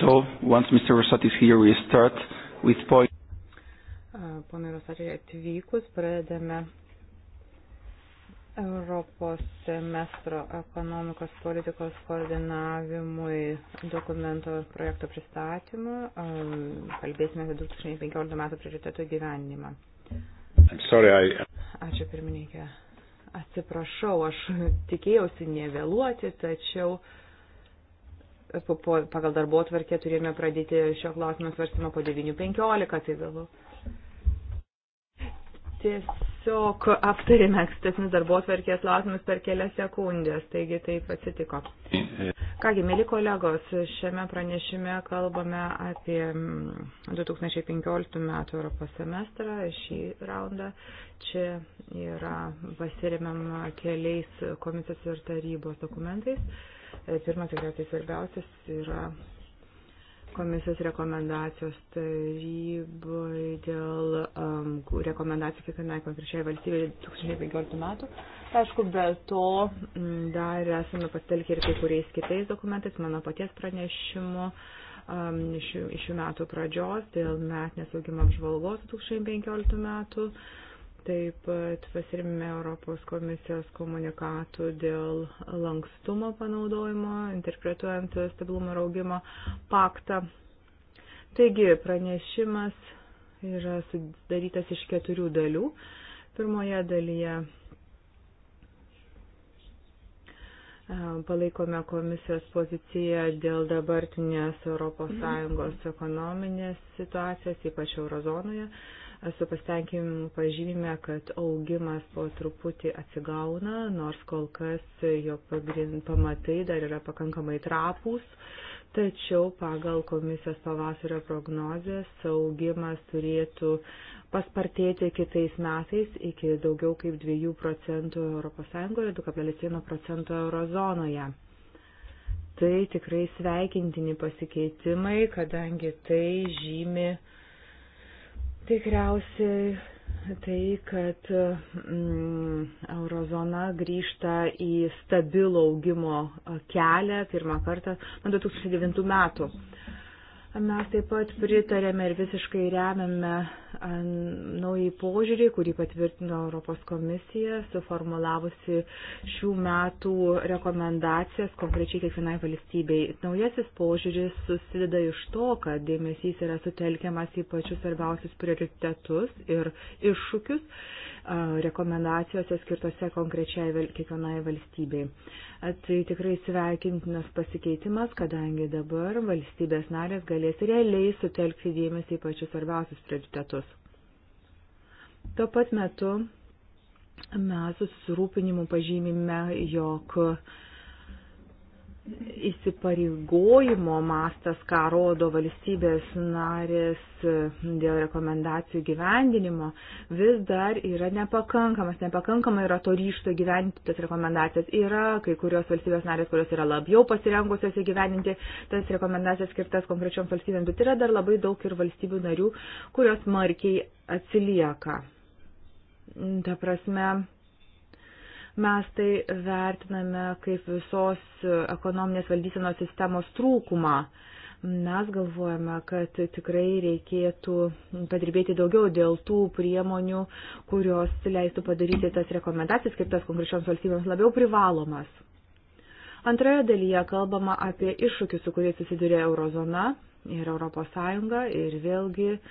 So once Mr. Rosati is here, we start with point. Pone Rosati atvykus, pradedame Europos semestro ekonomikos politikos koordinavimui dokumento projekto pristatymą. Kalbėsime apie 2015 metų prioritetų gyvenimą. Sorry, I... Ačiū pirmininkė. Atsiprašau, aš tikėjausi nevėluoti, tačiau uh, po, po, pagal darbo atvarkę turėjome pradėti šio klausimo svarstymą po 9.15, tai galvo. Tiesiog aptarėme ankstesnius darbo atvarkės klausimus per kelias sekundės, taigi taip atsitiko. Kągi, mėly kolegos, šiame pranešime kalbame apie 2015 mm, metų Europos semestrą, šį raundą. Čia yra pasiremiama keliais komisijos ir tarybos dokumentais E, pirmas, tikriausiai svarbiausias, yra komisijos rekomendacijos tarybai dėl um, rekomendacijų kiekvienai konkrečiai valstybei 2015 metų. Aišku, be to mm, dar esame pasitelkę ir kai kuriais kitais dokumentais, mano paties pranešimu um, iš šių metų pradžios dėl metinės augimo apžvalgos 2015 metų. Um, Taip pat pasirime Europos komisijos komunikatų dėl lankstumo panaudojimo, interpretuojant stabilumo ir augimo paktą. Taigi, pranešimas yra sudarytas iš keturių dalių. Pirmoje dalyje e, palaikome komisijos poziciją dėl dabartinės ES ekonominės situacijos, ypač eurozonoje. Mhm su pasitenkinimu pažymime, kad augimas po truputį atsigauna, nors kol kas jo pagrind, pamatai dar yra pakankamai trapūs, tačiau pagal komisijos pavasario prognozės augimas turėtų paspartėti kitais metais iki daugiau kaip 2 procentų ES ir 2,1 procentų eurozonoje tai tikrai sveikintini pasikeitimai, kadangi tai žymi Tikriausiai tai, kad mm, eurozona grįžta į stabilų augimo kelią pirmą kartą nuo 2009 metų. Mm Mes taip pat pritarėme ir visiškai remiame naują požiūrį, kurį patvirtino Europos komisija, suformulavusi šių metų rekomendacijas konkrečiai kiekvienai valstybei. Naujasis požiūris susideda iš to, kad dėmesys yra sutelkiamas į pačius svarbiausius prioritetus ir iššūkius rekomendacijose skirtose konkrečiai kiekvienai valstybei. Tai tikrai sveikintinas pasikeitimas, kadangi dabar valstybės narės galės realiai sutelkti dėmesį į pačius svarbiausius prioritetus. Tuo pat metu mes susirūpinimu pažymime, jog uh, įsipareigojimo mastas, ką rodo valstybės narės dėl rekomendacijų gyvendinimo, vis dar yra nepakankamas. Nepakankamai yra to ryšto gyventi tas rekomendacijas. Yra kai kurios valstybės narės, kurios yra labiau pasirengusios įgyvendinti tas rekomendacijas skirtas konkrečioms valstybėms, bet yra dar labai daug ir valstybių narių, kurios markiai atsilieka. Ta prasme, Mes tai vertiname kaip visos ekonominės valdysenos sistemos trūkumą. Mes galvojame, kad tikrai reikėtų padirbėti daugiau dėl tų priemonių, kurios leistų padaryti tas rekomendacijas, kaip tas konkrečioms valstybėms labiau privalomas. Antroje dalyje kalbama apie iššūkius, su kuriais susiduria eurozona ir Europos Sąjunga ir vėlgi uh,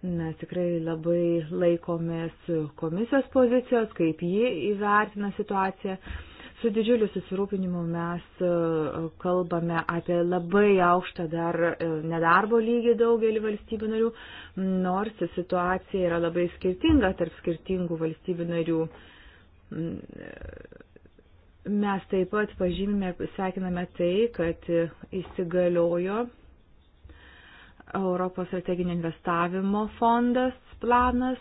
Mes tikrai labai laikomės komisijos pozicijos, kaip ji įvertina situaciją. Su didžiuliu susirūpinimu mes e, kalbame apie labai aukštą dar e, nedarbo lygį daugelį valstybių narių, nors situacija yra labai skirtinga tarp skirtingų valstybių narių. Mm, e, mes taip pat pažymime, sveikiname tai, kad įsigaliojo Europos strateginio investavimo fondas, planas.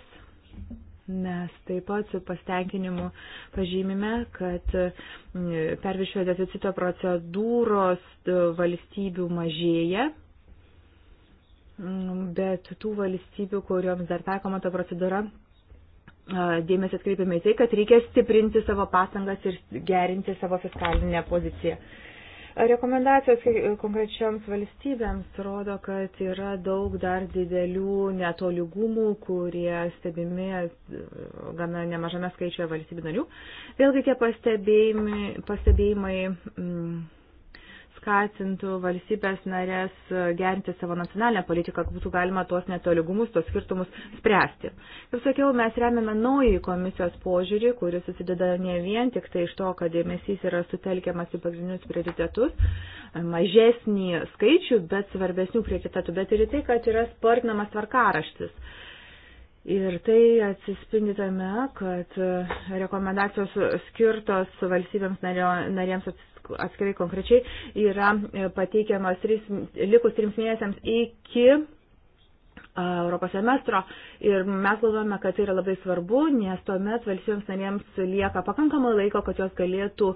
Mes taip pat su pastenkinimu pažymime, kad mm, pervišio deficito procedūros e, valstybių mažėja, mm, bet tų valstybių, kuriuoms dar taikoma ta procedūra, e, dėmesį atkreipiame į tai, kad reikia stiprinti savo pastangas ir gerinti savo fiskalinę poziciją. Rekomendacijos konkrečioms valstybėms rodo, kad yra daug dar didelių netolygumų, kurie stebimi e, gana nemažame skaičiuje valstybių narių. Vėlgi tie pastebėjimai. pastebėjimai mm, skatintų valstybės narės e, gerinti savo nacionalinę politiką, kad būtų galima tuos netoligumus, tuos skirtumus spręsti. Kaip sakiau, mes remiame naują komisijos požiūrį, kuris susideda ne vien tik tai iš to, kad dėmesys yra sutelkiamas į pagrindinius prioritetus, mažesnį skaičių, bet svarbesnių prioritetų, bet ir į tai, kad yra spartinamas tvarkaraštis. Ir tai atsispindi tame, kad rekomendacijos skirtos valstybėms narėms atskirai konkrečiai yra e, pateikiamas likus trims mėnesiams iki Europos semestro. Ir mes galvojame, kad tai yra labai svarbu, nes tuomet valstybėms narėms lieka pakankamai laiko, kad jos galėtų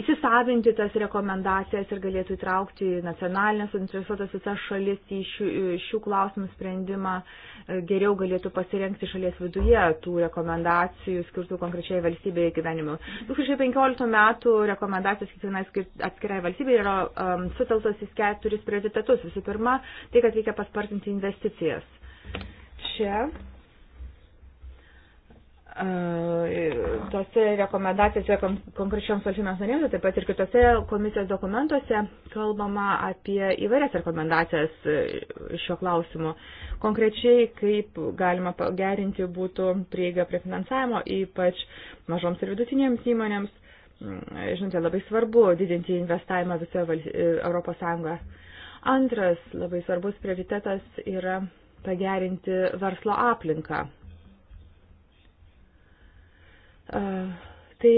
įsisavinti tas rekomendacijas ir galėtų įtraukti nacionalinės interesuotas visas šalis į šių, šių klausimų sprendimą, geriau galėtų pasirengti šalies viduje tų rekomendacijų skirtų konkrečiai valstybėje gyvenimui. 2015 metų rekomendacijos kiekvienai atskirai valstybėje yra um, suteltos į keturis prioritetus. Visų pirma, tai, kad reikia paspartinti investicijas čia tose rekomendacijose konkrečioms valstybėms narėms, taip pat ir kitose komisijos dokumentuose kalbama apie įvairias rekomendacijas e, šio klausimu. Konkrečiai, kaip galima pagerinti būtų prieigą prie finansavimo, ypač mažoms ir vidutinėms įmonėms. Mm, žinote, labai svarbu didinti investavimą visoje e, Europos Sąjungoje. Antras labai svarbus prioritetas yra pagerinti verslo aplinką. Tai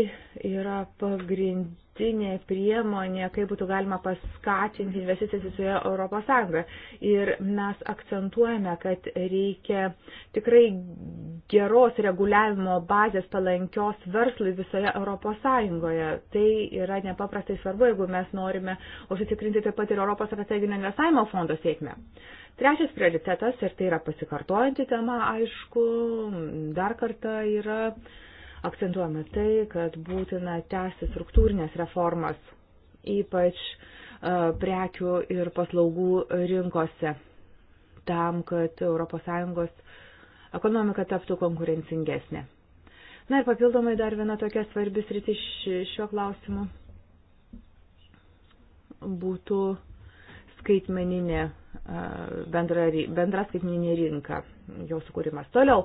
yra pagrindinė priemonė, kaip būtų galima paskatinti investicijas visoje Europos Sąjungoje. Ir mes akcentuojame, kad reikia tikrai geros reguliavimo bazės palankios verslui visoje Europos Sąjungoje. Tai yra nepaprastai svarbu, jeigu mes norime užsitikrinti taip pat ir Europos strateginio investavimo fondo sėkmę. Uh, Trečias prioritetas, ir tai yra pasikartojanti tema, aišku, dar kartą yra akcentuojama tai, kad būtina tęsti struktūrinės reformas, ypač e, prekių ir paslaugų rinkose, tam, kad ES ekonomika taptų konkurencingesnė. Na ir papildomai dar viena tokia svarbi sritis šiuo klausimu būtų skaitmeninė bendra, bendra skaitmininė rinka, jo sukūrimas. Toliau,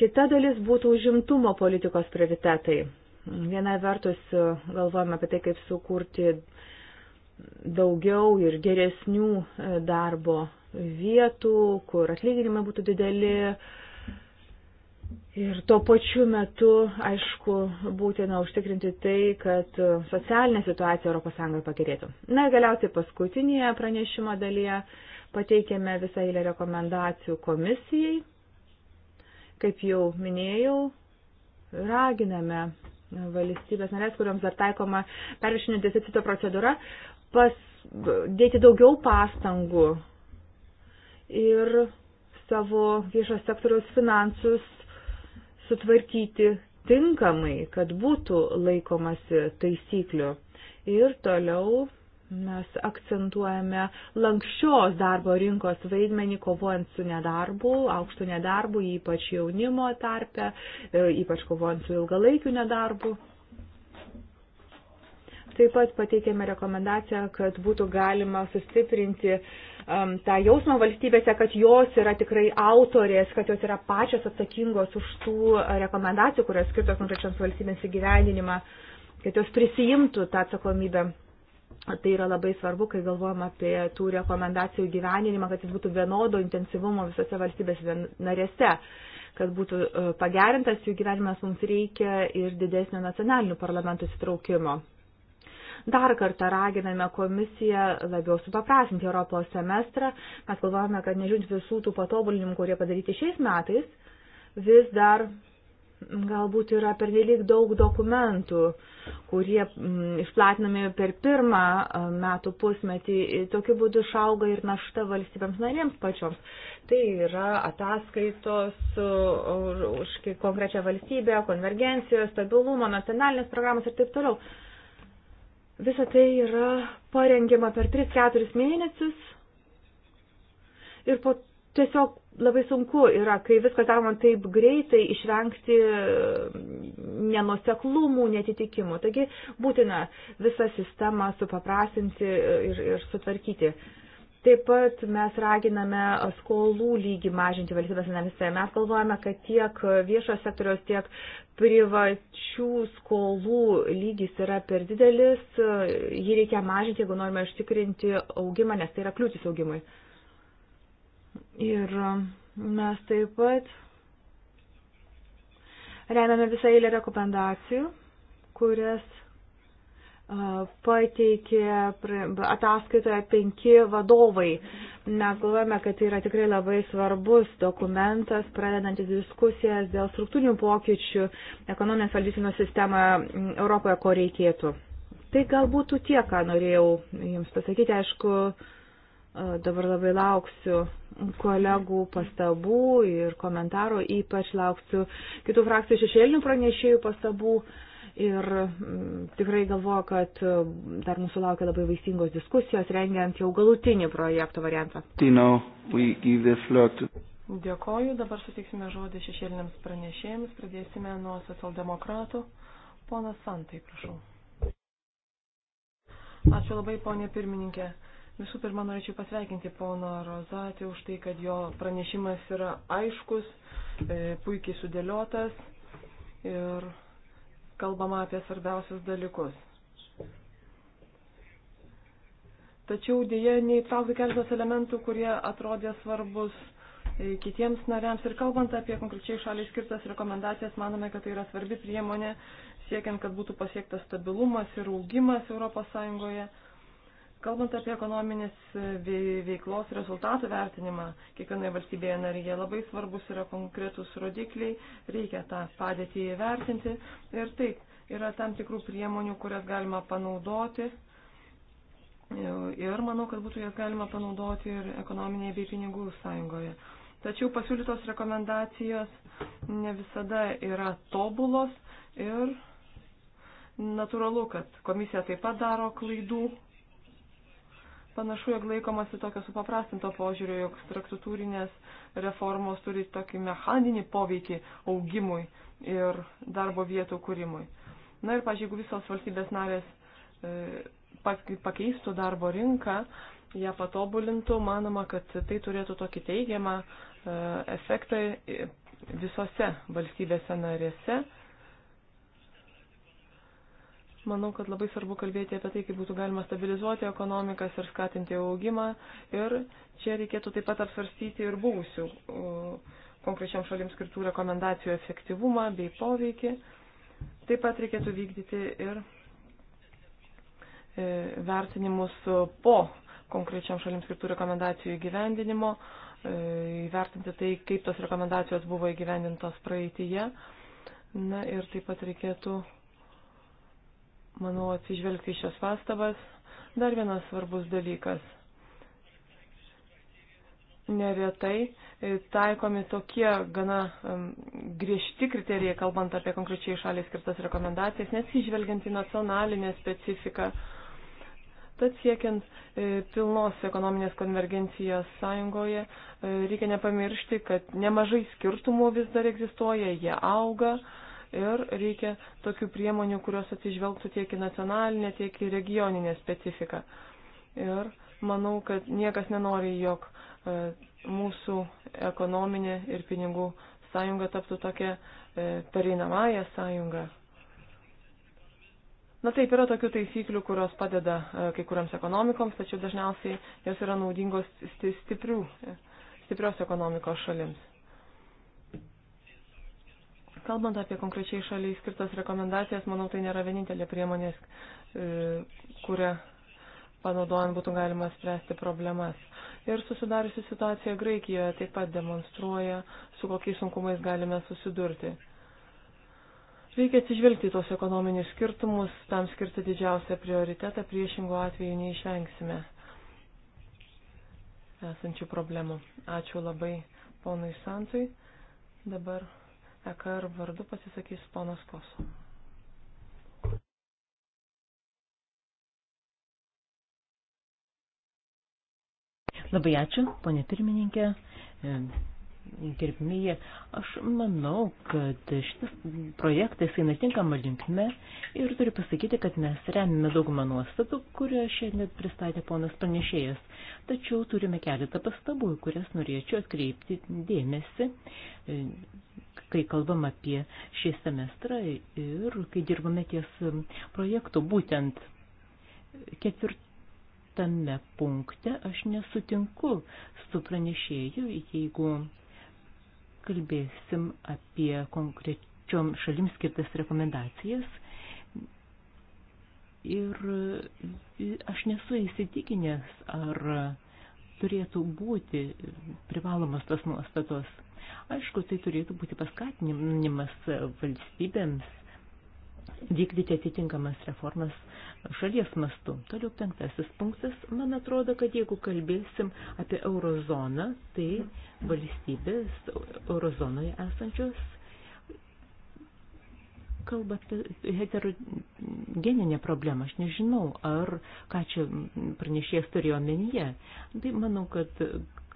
kita dalis būtų užimtumo politikos prioritetai. Viena vertus galvojame apie tai, kaip sukurti daugiau ir geresnių darbo vietų, kur atlyginimai būtų dideli, uh, Ir tuo pačiu metu, aišku, būtina užtikrinti tai, kad socialinė situacija ES pagerėtų. Na ir galiausiai paskutinėje pranešimo dalyje pateikėme visą eilę rekomendacijų komisijai. Kaip jau minėjau, raginame valstybės narės, kuriuoms dar taikoma pervišinio deficito procedūra, pas, dėti daugiau pastangų ir savo viešo sektoriaus finansus sutvarkyti tinkamai, kad būtų laikomasi taisyklių. Ir toliau mes akcentuojame lankščios darbo rinkos vaidmenį kovojant su nedarbu, aukštu nedarbu, ypač jaunimo tarpe, e, ypač kovojant su ilgalaikiu nedarbu. Taip pat pateikėme rekomendaciją, kad būtų galima sustiprinti uh, um, tą jausmą valstybėse, kad jos yra tikrai autorės, kad jos yra pačios atsakingos už tų rekomendacijų, kurios skirtos konkrečiams valstybėms įgyvendinimą, kad jos prisijimtų tą atsakomybę. Tai yra labai svarbu, kai galvojam apie tų rekomendacijų gyveninimą, kad jis būtų vienodo intensyvumo visose valstybės narėse, kad būtų uh, pagerintas jų gyvenimas, mums reikia ir didesnio nacionalinių parlamentų įsitraukimo. Dar kartą raginame komisiją labiau supaprasinti Europos semestrą. Mes galvojame, kad nežiūrint visų tų patobulinimų, kurie padaryti šiais metais, vis dar galbūt yra pernelyg daug dokumentų, kurie m, mm, išplatinami per pirmą metų pusmetį. Tokiu būdu išauga ir našta valstybėms narėms pačioms. Tai yra ataskaitos už konkrečią valstybę, konvergencijos, stabilumo, nacionalinės programos ir taip toliau. Visa tai yra parengiama per 3-4 mėnesius ir po tiesiog labai sunku yra, kai viskas daroma taip greitai, išvengti mm, nenuseklumų, netitikimų. Taigi būtina visą sistemą supaprasinti ir, ir sutvarkyti. Uh, Taip pat mes raginame skolų lygį mažinti valstybės narėse. Mes galvojame, kad tiek viešo sektoriaus, tiek privačių skolų lygis yra per didelis. Jį reikia mažinti, jeigu norime ištikrinti augimą, nes tai yra kliūtis augimui. Ir mes taip pat remiame visą eilę rekomendacijų, kurias pateikė ataskaitoje penki vadovai. Mes galvojame, kad tai yra tikrai labai svarbus dokumentas, pradedantis diskusijas dėl struktūrinių pokyčių ekonominės valdysinos sistemoje Europoje, ko reikėtų. Tai galbūt tiek, ką norėjau Jums pasakyti. Aišku, dabar labai lauksiu kolegų pastabų ir komentarų, ypač lauksiu kitų frakcijų šešėlinių pranešėjų pastabų. Uh, Ir mm, tikrai galvoju, kad mm, dar mūsų laukia labai vaisingos diskusijos, rengiant jau galutinį projekto variantą. Dėkoju, dabar suteiksime žodį šešėliniams pranešėjams, pradėsime nuo socialdemokratų. Ponas Santai, prašau. Ačiū labai, ponė pirmininkė. Visų pirma, norėčiau pasveikinti pono Rozatį už tai, kad jo pranešimas yra aiškus, e, puikiai sudėliotas ir kalbama apie svarbiausius dalykus. Tačiau dėje neįtraukti keletas elementų, kurie atrodė svarbus e, kitiems nariams. Ir kalbant apie konkrečiai šaliai skirtas rekomendacijas, manome, kad tai yra svarbi priemonė siekiant, kad būtų pasiektas stabilumas ir augimas ES. Kalbant apie ekonominis e, veiklos rezultatų vertinimą, kiekvienoje valstybėje narėje labai svarbus yra konkretus rodikliai, reikia tą padėtį įvertinti ir taip, yra tam tikrų priemonių, kurias galima panaudoti e, ir manau, kad būtų jas galima panaudoti ir ekonominėje bei pinigų sąjungoje. Tačiau pasiūlytos rekomendacijos ne visada yra tobulos ir natūralu, kad komisija taip pat daro klaidų Panašu, jog laikomasi tokio supaprastinto požiūrio, jog struktūrinės reformos turi tokį mechaninį poveikį augimui ir darbo vietų kūrimui. Na ir, pažiūrėjau, jeigu visos valstybės narės e, pakeistų darbo rinką, ją patobulintų, manoma, kad tai turėtų tokį teigiamą e, efektą e, visose valstybėse narėse Manau, kad labai svarbu kalbėti apie tai, kaip būtų galima stabilizuoti ekonomikas ir skatinti augimą. Ir čia reikėtų taip pat apsvarstyti ir buvusių konkrečiam šalims skirtų rekomendacijų efektyvumą bei poveikį. Taip pat reikėtų vykdyti ir e, vertinimus po konkrečiam šalims skirtų rekomendacijų įgyvendinimo, e, įvertinti tai, kaip tos rekomendacijos buvo įgyvendintos praeitįje. Na ir taip pat reikėtų manau, atsižvelgti į šias pastabas. Dar vienas svarbus dalykas. Neretai taikomi tokie gana um, griežti kriterijai, kalbant apie konkrečiai šaliai skirtas rekomendacijas, nesižvelgiant į nacionalinę specifiką. Tad siekiant e, pilnos ekonominės konvergencijos sąjungoje, e, reikia nepamiršti, kad nemažai skirtumų vis dar egzistuoja, jie auga. E, ir reikia tokių priemonių, kurios atsižvelgtų tiek į nacionalinę, tiek į regioninę specifiką. Ir manau, kad niekas nenori, jog e, mūsų ekonominė ir pinigų sąjunga taptų tokia e, pereinamąją sąjungą. Na taip, yra tokių taisyklių, kurios padeda e, kai kuriams ekonomikoms, tačiau dažniausiai jos yra naudingos stiprių, stiprios ekonomikos šalims. Kalbant apie konkrečiai šaliai skirtas rekomendacijas, manau, tai nėra vienintelė priemonės, e, kurią panaudojant būtų galima spręsti problemas. Ir susidariusi situacija Graikijoje taip pat demonstruoja, su kokiais sunkumais galime susidurti. Reikia atsižvelgti tos ekonominius skirtumus, tam skirti didžiausią prioritetą, priešingų atveju neišvengsime esančių problemų. Ačiū labai ponui Santui. Dabar EKR vardu pasisakys ponas Koso. Labai ačiū, ponė pirmininkė. E, gerbimieji, aš manau, kad šitas projektas eina tinkama linkme ir turiu pasakyti, kad mes remiame daugumą nuostatų, kurią šiandien pristatė ponas pranešėjas. Tačiau turime keletą pastabų, kurias norėčiau atkreipti dėmesį e, kai kalbam apie šį semestrą ir kai dirbame ties projektu. Būtent ketvirtame punkte aš nesutinku su pranešėju, jeigu kalbėsim apie konkrečiom šalim skirtas rekomendacijas. Ir aš nesu įsitikinęs, ar turėtų būti privalomas tos nuostatos. Aišku, tai turėtų būti paskatinimas valstybėms vykdyti atitinkamas reformas šalies mastu. Toliau penktasis punktas. Man atrodo, kad jeigu kalbėsim apie eurozoną, tai valstybės eurozonoje esančios kalba apie heterogeninę problemą. Aš nežinau, ar ką čia pranešėjas turėjo omenyje. Tai manau, kad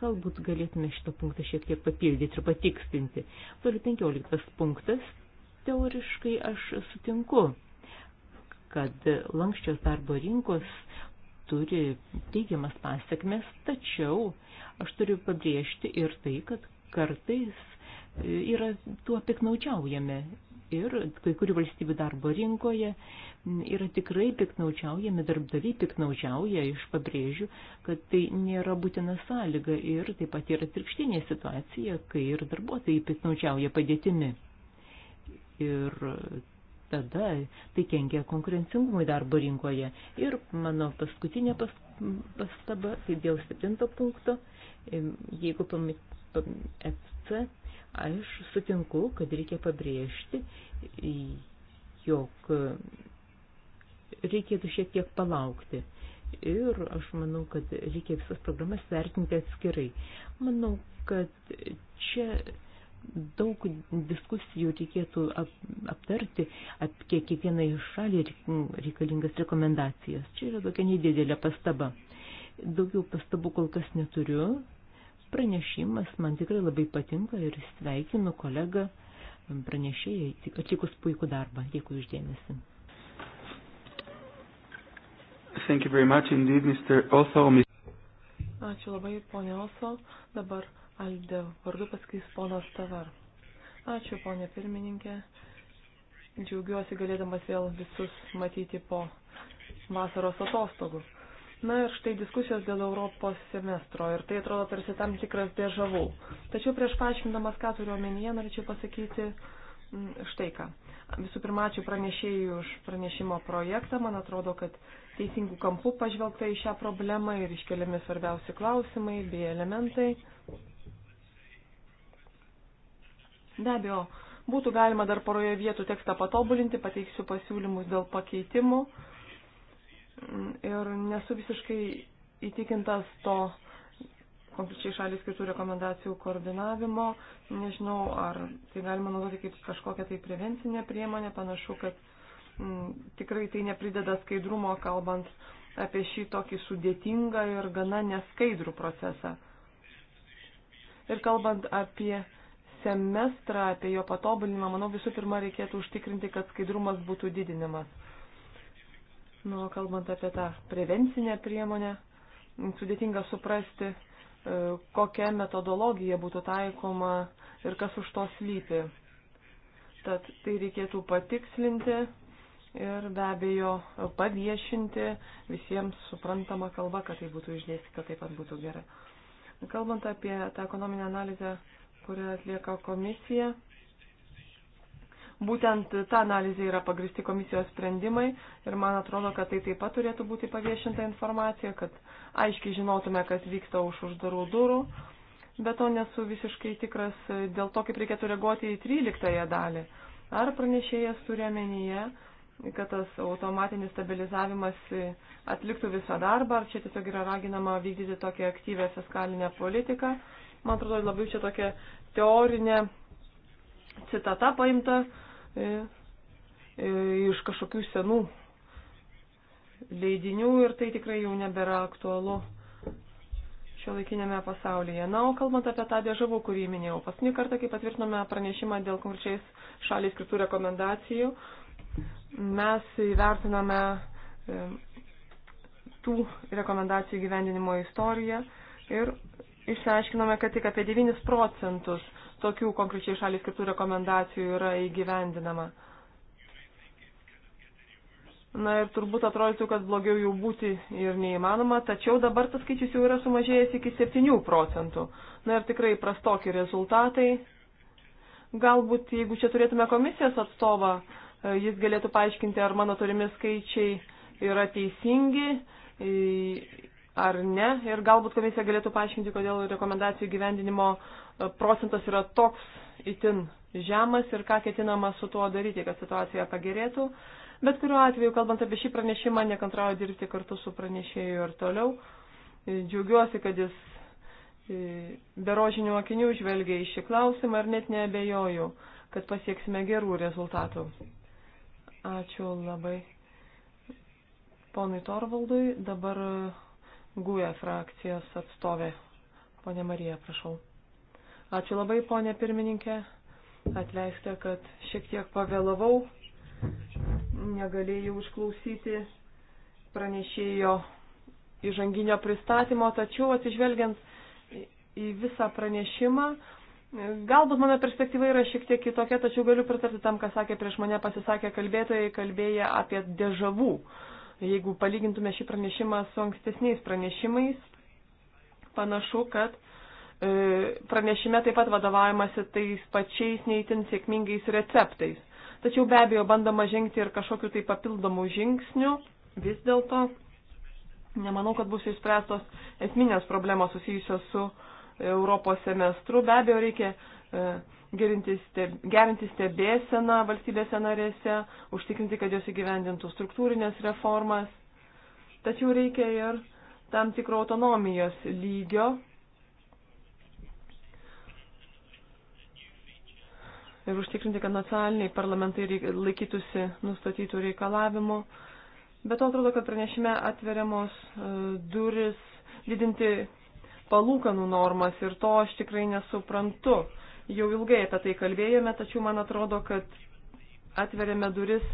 galbūt galėtume šitą punktą šiek tiek papildyti ir patikstinti. Toliau 15 punktas. Teoriškai aš sutinku, kad lankščios darbo rinkos turi teigiamas pasiekmes, tačiau aš turiu pabrėžti ir tai, kad kartais yra tuo piknaudžiaujame ir kai kurių valstybių darbo rinkoje yra tikrai piknaučiaujami, darbdaviai piknaučiauja, iš pabrėžių, kad tai nėra būtina sąlyga ir taip pat yra trikštinė situacija, kai ir darbuotojai piknaučiauja padėtimi. Ir tada tai kenkia konkurencingumui darbo rinkoje. Ir mano paskutinė pas, pastaba, tai dėl septinto punkto, jeigu pamit, pam, FC Aš sutinku, kad reikia pabrėžti, jog reikėtų šiek tiek palaukti. Ir aš manau, kad reikia visas programas vertinti atskirai. Manau, kad čia daug diskusijų reikėtų ap, aptarti apie kiekvieną iš šalį reikalingas rekomendacijas. Čia yra tokia nedidelė pastaba. Daugiau pastabų kol kas neturiu pranešimas man tikrai labai patinka ir sveikinu kolegą pranešėjai atlikus puikų darbą. Dėkui uždėmesi. Thank you very much indeed, Mr. Oso. Ačiū labai, ponė Oso. Dabar Alde vardu pasakys ponas Tavar. Ačiū, ponė pirmininkė. Džiaugiuosi galėdamas vėl visus matyti po vasaros atostogų. Na ir štai diskusijos dėl Europos semestro ir tai atrodo tarsi tam tikras dėžavų. Tačiau prieš paaiškindamas, ką turiu omenyje, norėčiau pasakyti mm, štai ką. Visų pirma, ačiū pranešėjai už pranešimo projektą. Man atrodo, kad teisingų kampų pažvelgta į šią problemą ir iškeliami svarbiausi klausimai bei elementai. Be abejo, būtų galima dar poroje vietų tekstą patobulinti, pateiksiu pasiūlymus dėl pakeitimų ir nesu visiškai įtikintas to konkrečiai šalis skirtų rekomendacijų koordinavimo. Nežinau, ar tai galima naudoti kaip kažkokią tai prevencinę priemonę. Panašu, kad m, mm, tikrai tai neprideda skaidrumo, kalbant apie šį tokį sudėtingą ir gana neskaidrų procesą. Ir kalbant apie semestrą, apie jo patobulinimą, manau, visų pirma reikėtų užtikrinti, kad skaidrumas būtų didinimas. Nu, kalbant apie tą prevencinę priemonę, sudėtinga suprasti, e, kokia metodologija būtų taikoma ir kas už to slypi. Tad tai reikėtų patikslinti ir be abejo paviešinti visiems suprantama kalba, kad tai būtų išdėstyta taip pat būtų gerai. Kalbant apie tą ekonominę analizę, kurią atlieka komisija, Būtent ta analizė yra pagristi komisijos sprendimai ir man atrodo, kad tai taip pat turėtų būti paviešinta informacija, kad aiškiai žinotume, kas vyksta už uždarų durų. Bet to nesu visiškai tikras dėl to, kaip reikėtų reaguoti į 13 dalį. Ar pranešėjas turi omenyje, kad tas automatinis stabilizavimas atliktų visą darbą, ar čia tiesiog yra raginama vykdyti tokią aktyvę fiskalinę politiką. Man atrodo, labai čia tokia teorinė citata paimta e, e, iš kažkokių senų leidinių ir tai tikrai jau nebėra aktualu šio laikinėme pasaulyje. Na, o kalbant apie tą dėžavų, kurį minėjau, paskutinį kartą, kai patvirtinome pranešimą dėl konkrečiais šaliai skirtų rekomendacijų, mes įvertiname e, tų rekomendacijų gyvendinimo istoriją ir išsiaiškinome, kad tik apie 9 procentus tokių konkrečiai šaliai skirtų rekomendacijų yra įgyvendinama. Na ir turbūt atrodytų, kad blogiau jau būti ir neįmanoma, tačiau dabar tas skaičius jau yra sumažėjęs iki 7 procentų. Na ir tikrai prastokie rezultatai. Galbūt, jeigu čia turėtume komisijos atstovą, e, jis galėtų paaiškinti, ar mano turimi skaičiai yra teisingi e, ar ne. Ir galbūt komisija galėtų paaiškinti, kodėl rekomendacijų gyvendinimo uh, procentas yra toks itin žemas ir ką ketinama su tuo daryti, kad situacija pagerėtų. Bet kuriuo atveju, kalbant apie šį pranešimą, nekantrauju dirbti kartu su pranešėju ir toliau. Džiaugiuosi, kad jis e, berožinių akinių žvelgia į šį klausimą ir net neabejoju, kad pasieksime gerų rezultatų. Ačiū labai. Ponui Torvaldui, dabar GUE frakcijos atstovė. Pone Marija, prašau. Ačiū labai, ponė pirmininkė. Atleiskite, kad šiek tiek pavėlavau. Negalėjau išklausyti pranešėjo įžanginio pristatymo, tačiau atsižvelgiant į visą pranešimą, Galbūt mano perspektyva yra šiek tiek kitokia, tačiau galiu pritarti tam, ką sakė prieš mane pasisakė kalbėtojai, kalbėję apie dežavų. Jeigu palygintume šį pranešimą su ankstesniais pranešimais, panašu, kad E, pranešime taip pat vadovaujamasi tais pačiais neįtin sėkmingais receptais. Tačiau be abejo bandoma žengti ir kažkokiu tai papildomų žingsnių. Vis dėlto nemanau, kad bus išspręstos esminės problemos susijusios su Europos semestru. Be abejo reikia e, gerinti stebėseną valstybėse narėse, užtikrinti, kad jos įgyvendintų struktūrinės reformas. Tačiau reikia ir tam tikro autonomijos lygio ir užtikrinti, kad nacionaliniai parlamentai laikytųsi nustatytų reikalavimų. Bet to atrodo, kad pranešime atveriamos e, duris didinti palūkanų normas ir to aš tikrai nesuprantu. Jau ilgai apie tai kalbėjome, tačiau man atrodo, kad atveriame duris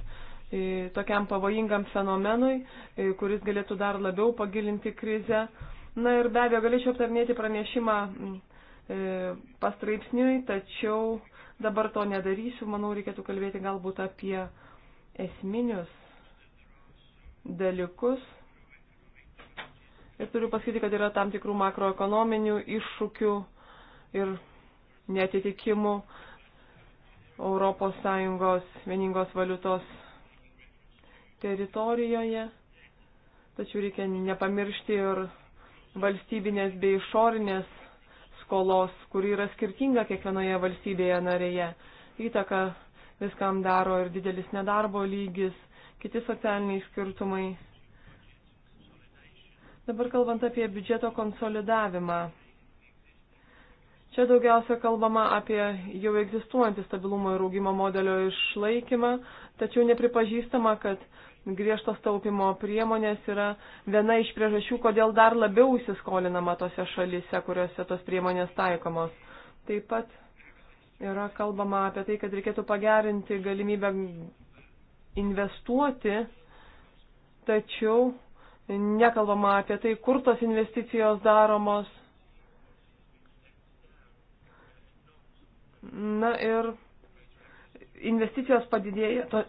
e, tokiam pavojingam fenomenui, e, kuris galėtų dar labiau pagilinti krizę. Na ir be abejo, galėčiau aptarnėti pranešimą pastraipsniui, tačiau Dabar to nedarysiu, manau, reikėtų kalbėti galbūt apie esminius dalykus. Ir turiu pasakyti, kad yra tam tikrų makroekonominių iššūkių ir netitikimų ES vieningos valiutos teritorijoje. Tačiau reikia nepamiršti ir valstybinės bei išorinės skolos, kuri yra skirtinga kiekvienoje valstybėje narėje. Įtaka viskam daro ir didelis nedarbo lygis, kiti socialiniai skirtumai. Dabar kalbant apie biudžeto konsolidavimą. Čia daugiausia kalbama apie jau egzistuojantį stabilumo ir augimo modelio išlaikymą, tačiau nepripažįstama, kad griežtos taupimo priemonės yra viena iš priežasčių, kodėl dar labiau įsiskolinama tose šalise, kuriuose tos priemonės taikomos. Taip pat yra kalbama apie tai, kad reikėtų pagerinti galimybę investuoti, tačiau nekalbama apie tai, kur tos investicijos daromos. Na ir investicijos padidėja, to,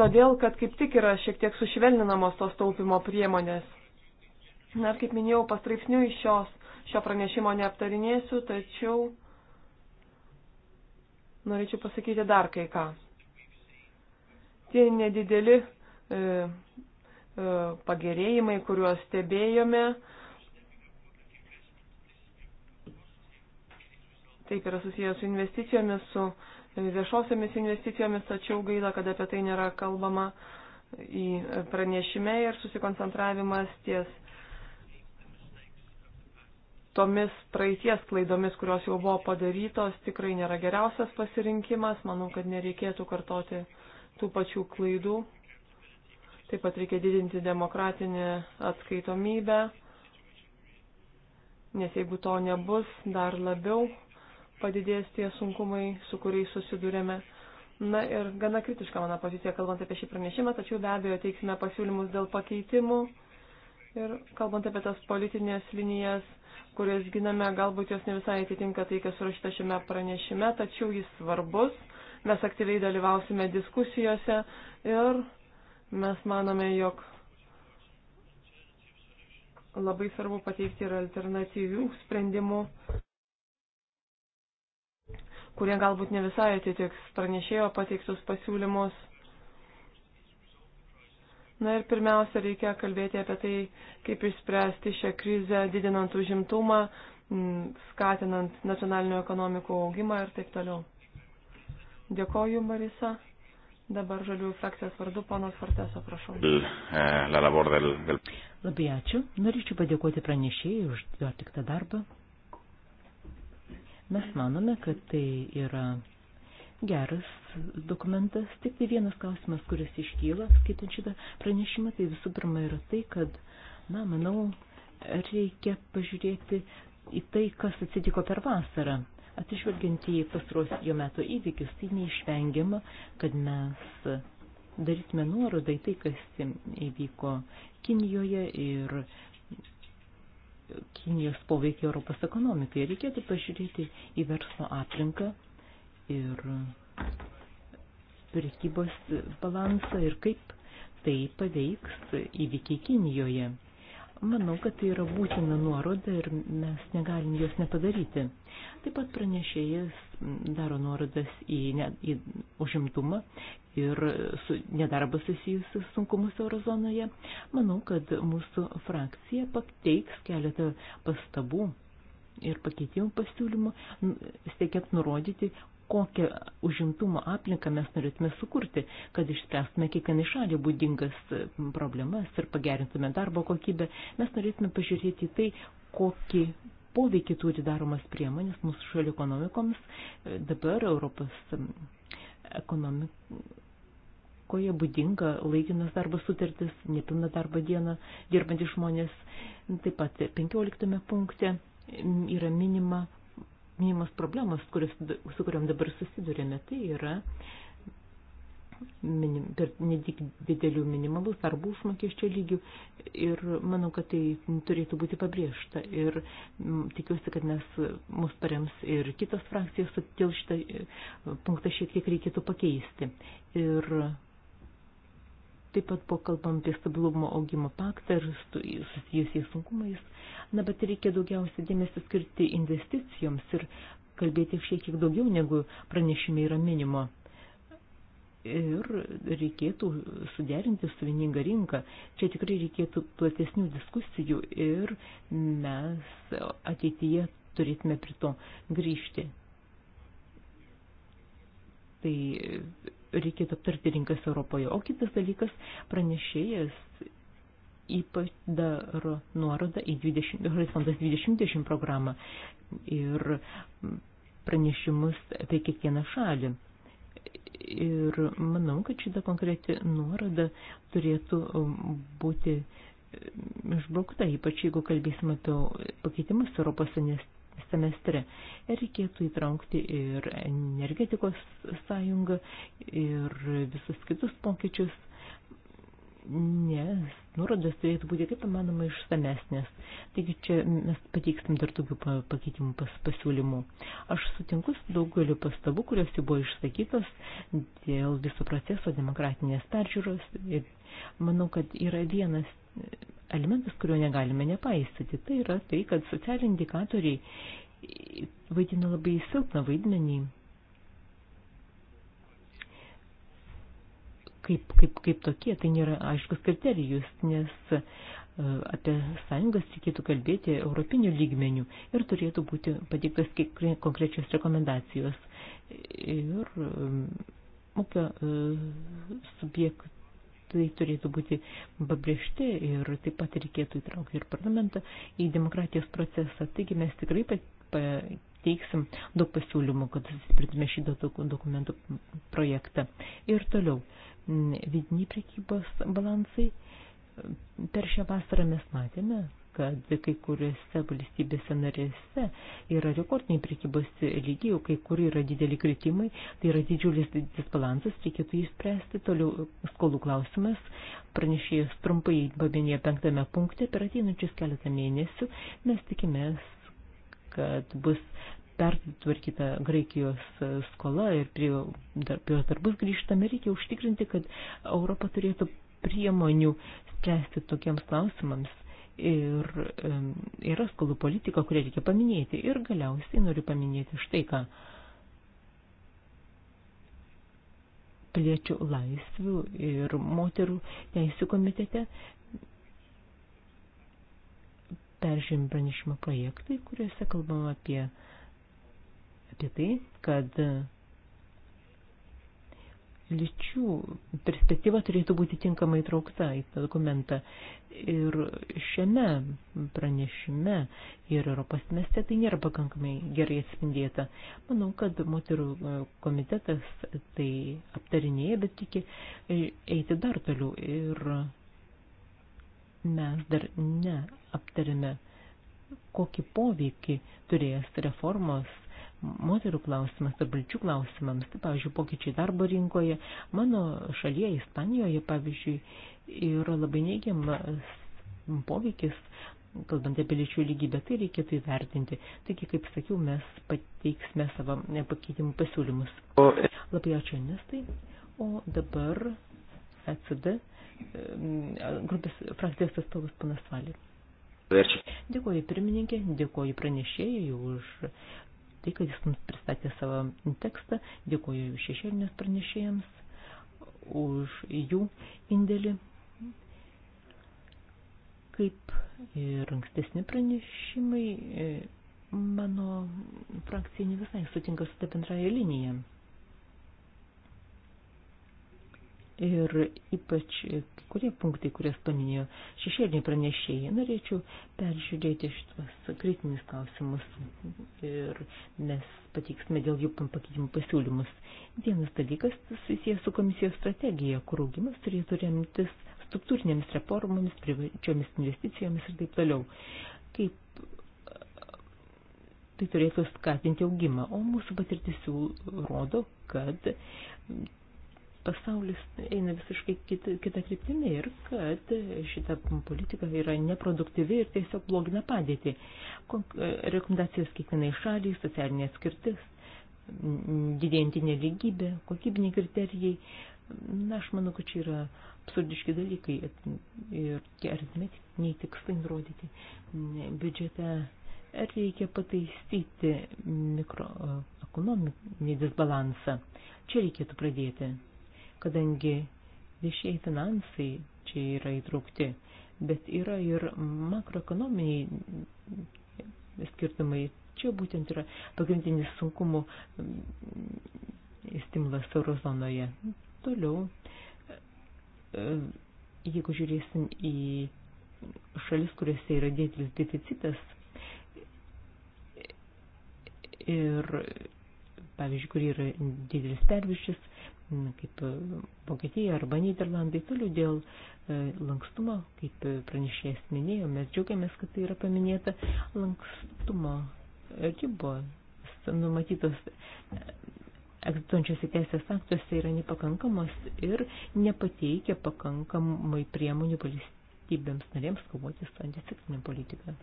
todėl kad kaip tik yra šiek tiek sušvelninamos tos taupimo priemonės. Na ir kaip minėjau, pastraipsnių iš šios, šio pranešimo neaptarinėsiu, tačiau norėčiau pasakyti dar kai ką. Tie nedideli e, e, pagerėjimai, kuriuos stebėjome, taip yra susijęs su investicijomis, su viešosiamis investicijomis, tačiau gaila, kad apie tai nėra kalbama į pranešime ir susikoncentravimas ties tomis praeities klaidomis, kurios jau buvo padarytos, tikrai nėra geriausias pasirinkimas. Manau, kad nereikėtų kartoti tų pačių klaidų. Taip pat reikia didinti demokratinį atskaitomybę, nes jeigu to nebus, dar labiau padidės tie sunkumai, su kuriais susidurėme. Na ir gana kritiška mano pozicija, kalbant apie šį pranešimą, tačiau be abejo teiksime pasiūlymus dėl pakeitimų. Ir kalbant apie tas politinės linijas, kurias giname, galbūt jos ne visai atitinka tai, kas surašyta šiame pranešime, tačiau jis svarbus. Mes aktyviai dalyvausime diskusijose ir mes manome, jog labai svarbu pateikti ir alternatyvių sprendimų kurie galbūt ne visai atitiks pranešėjo pateiktus pasiūlymus. Na ir pirmiausia, reikia kalbėti apie tai, kaip išspręsti šią krizę, didinant užimtumą, skatinant nacionalinių ekonomikų augimą ir taip toliau. Dėkoju, Marisa. Dabar žaliųjų frakcijos vardu, panas Forteso, prašau. Eh, Labai ačiū. Norėčiau padėkoti pranešėjai už jo atliktą darbą. Mes manome, kad tai yra geras dokumentas. Tik tai vienas klausimas, kuris iškyla, skaitant šitą pranešimą, tai visų pirma yra tai, kad, na, manau, reikia pažiūrėti į tai, kas atsitiko per vasarą. Atsižvelgiant į pastarosijo metų įvykius, tai neišvengiama, kad mes darysime nuorodą į tai, kas įvyko Kinijoje ir Kinijos poveikį Europos ekonomikai. Reikėtų pažiūrėti į verslo aplinką ir prekybos balansą ir kaip tai paveiks įvykiai Kinijoje. Manau, kad tai yra būtina nuoroda ir mes negalim jos nepadaryti. Taip pat pranešėjas daro nuorodas į, ne, į užimtumą ir su nedarbą susijusius sunkumus eurozonoje. Manau, kad mūsų frakcija pateiks keletą pastabų ir pakeitimų pasiūlymų, siekiant nurodyti, kokią užimtumo aplinką mes norėtume sukurti, kad išspręstume kiekvienai šaliai būdingas problemas ir pagerintume darbo kokybę. Mes norėtume pažiūrėti į tai, kokį poveikį turi daromas priemonės mūsų šalių ekonomikoms. E, dabar Europos ekonomikos Amerikoje būdinga laikinas darbo sutartis, nepilna darbo diena, dirbantys žmonės. Taip pat 15 punkte yra minima minimas problemas, kuris, su kuriuom dabar susidurėme, tai yra minim, per nedik didelių minimalų darbų užmokesčio lygių ir manau, kad tai turėtų būti pabrėžta ir m, tikiuosi, kad mes mus parems ir kitos frakcijos, todėl šitą e, punktą šiek tiek reikėtų pakeisti. Ir Taip pat pokalbam apie stabilumo augimo paktą ir susijusiais sunkumais. Na, bet reikia daugiausiai dėmesio skirti investicijoms ir kalbėti šiek tiek daugiau negu pranešime yra minimo. Ir reikėtų suderinti su vieninga rinka. Čia tikrai reikėtų platesnių diskusijų ir mes ateityje turėtume prie to grįžti. Tai reikėtų aptarti rinkas Europoje. O kitas dalykas, pranešėjas ypač daro nuorodą į 20, horizontas 2020 programą ir pranešimus apie kiekvieną šalį. Ir manau, kad šita konkreti nuoroda turėtų būti išbraukta, ypač jeigu kalbėsim apie pakeitimus Europose, nes semestre. Reikėtų įtraukti ir energetikos sąjungą ir visus kitus pokyčius, nes nurodas turėtų būti kaip įmanoma išsamesnės. Taigi čia mes pateiksim dar tokių pakeitimų pas, pasiūlymų. Aš sutinku su daugeliu pastabų, kurios jau buvo išsakytos dėl viso proceso demokratinės peržiūros. Ir manau, kad yra vienas elementas, kurio negalime nepaisyti. Tai yra tai, kad socialiniai indikatoriai vaidina labai silpną vaidmenį. Kaip, kaip, kaip tokie, tai nėra aiškus kriterijus, nes e, apie sąjungas reikėtų kalbėti europinių lygmenių ir turėtų būti pateiktas konkrečios rekomendacijos. Ir mokio e, e, subjektų tai turėtų būti pabrėžti ir taip pat reikėtų įtraukti ir parlamentą į demokratijos procesą. Taigi mes tikrai pateiksim daug pasiūlymų, kad susipirtume šį dokumentų projektą. Ir toliau, vidiniai prekybos balansai. Per šią vasarą mes matėme, kad kai kuriuose valstybėse narėse yra rekordiniai prekybos lygiai, o kai kur yra dideli kritimai, tai yra didžiulis disbalansas, reikėtų jį spręsti. Toliau skolų klausimas, pranešėjas trumpai paminėjo penktame punkte, per ateinančius keletą mėnesių mes tikimės, kad bus pertvarkyta Graikijos skola ir prie jos darbus grįžtame, reikia užtikrinti, kad Europa turėtų priemonių spręsti tokiems klausimams ir yra skolų politika, kurią reikia paminėti. Ir galiausiai noriu paminėti štai ką. Piliečių laisvių ir moterų teisų komitete peržymim pranešimo projektai, kuriuose kalbama apie, apie tai, kad lyčių perspektyva turėtų būti tinkamai traukta į tą dokumentą. Ir šiame pranešime ir Europos semestre tai nėra pakankamai gerai atspindėta. Manau, kad moterų e, komitetas tai aptarinėja, bet tiki e, eiti dar toliau. Ir mes dar neaptarėme, kokį poveikį turės reformos moterų klausimas ar balčių klausimams. Tai, pavyzdžiui, pokyčiai darbo rinkoje. Mano šalyje, Ispanijoje, pavyzdžiui, yra labai neigiamas poveikis, kalbant apie lyčių lygybę, tai reikėtų įvertinti. Taigi, kaip sakiau, mes pateiksime savo pakeitimų pasiūlymus. Labai ačiū, Nestai. O dabar ECD grupės frakcijos atstovas panas Valė. Dėkuoju pirmininkė, dėkuoju pranešėjai už tai, kad jis mums pristatė savo tekstą. Dėkuoju šešėlinės pranešėjams už jų indėlį. Kaip ir ankstesni pranešimai, e, mano frakcija ne visai sutinka su ta bendraja linija. Ir ypač kurie punktai, kurias paminėjo šešėliniai pranešėjai. Norėčiau peržiūrėti šitos kritinius klausimus ir mes pateiksime dėl jų pakeitimų pasiūlymus. Vienas dalykas susijęs su komisijos strategija, kur augimas turėtų remtis struktūrinėmis reformomis, privačiomis investicijomis ir taip toliau. Kaip tai turėtų skatinti augimą, o mūsų patirtis jau rodo, kad pasaulis eina visiškai kita, kita kryptimi ir kad šita politika yra neproduktyvi ir tiesiog blogina padėtį. Rekomendacijos kiekvienai šaliai, socialinė atskirtis, didėjantį neligybę, kokybiniai kriterijai. Na, aš manau, kad čia yra absurdiški dalykai ir tie aritmetiniai tikslai nurodyti biudžete. Ar reikia pataisyti mikroekonominį disbalansą? Čia reikėtų pradėti kadangi viešieji finansai čia yra įtraukti, bet yra ir makroekonominiai skirtumai. Čia būtent yra pagrindinis sunkumų mm, stimulas eurozonoje. Toliau, e, jeigu žiūrėsim į šalis, kuriuose yra didelis deficitas ir, pavyzdžiui, kur yra didelis perviršis, kaip e, Vokietija arba Niderlandai, toliau dėl e, lankstumo, kaip pranešėjas minėjo, mes džiaugiamės, kad tai yra paminėta lankstumo ribos numatytos e, egzistuojančiose teisės aktuose yra nepakankamos ir nepateikia pakankamai priemonių valstybėms narėms kovoti su antiseksinė politika.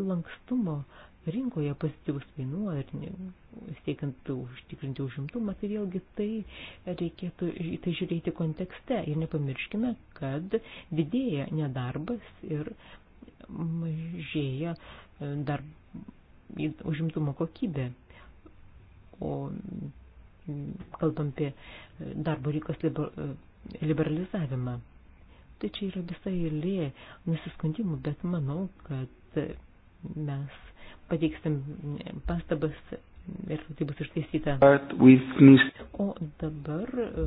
Lankstumo uh, rinkoje pozityvus vainų ir siekiant užtikrinti užimtumą, tai vėlgi tai reikėtų į tai žiūrėti kontekste ir nepamirškime, kad didėja nedarbas ir mažėja e, dar užimtumo kokybė. O kalbam apie darbo rinkos e, liberalizavimą. Tai čia yra visai eilė nusiskundimų, bet manau, kad mes pateiksim pastabas ir tai bus ištaisyta. O dabar e,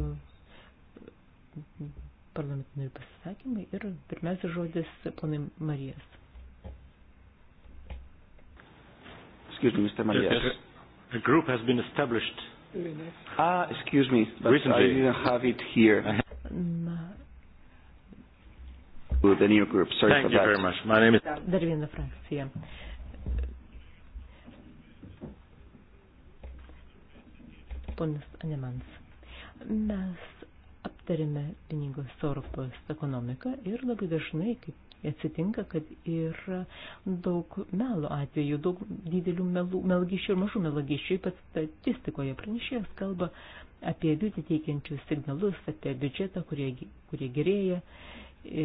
parlamentiniai pasisakymai ir pirmiausia žodis ponai Marijas. Excuse me, Mr. Marijas. A group has been established. Ah, excuse me, but recently. I didn't have it here. Na. The new group, sorry Thank for that. Thank you very much. My name is... Dar viena frakcija. Uh, ponas Anemans. Mes aptarėme pinigus Europos ekonomiką ir labai dažnai, kaip atsitinka, kad yra daug melo atvejų, daug didelių melų, melgyšių ir mažų melgyšių, ypač statistikoje pranešėjas kalba apie viltį teikiančius signalus, apie biudžetą, kurie, kurie gerėja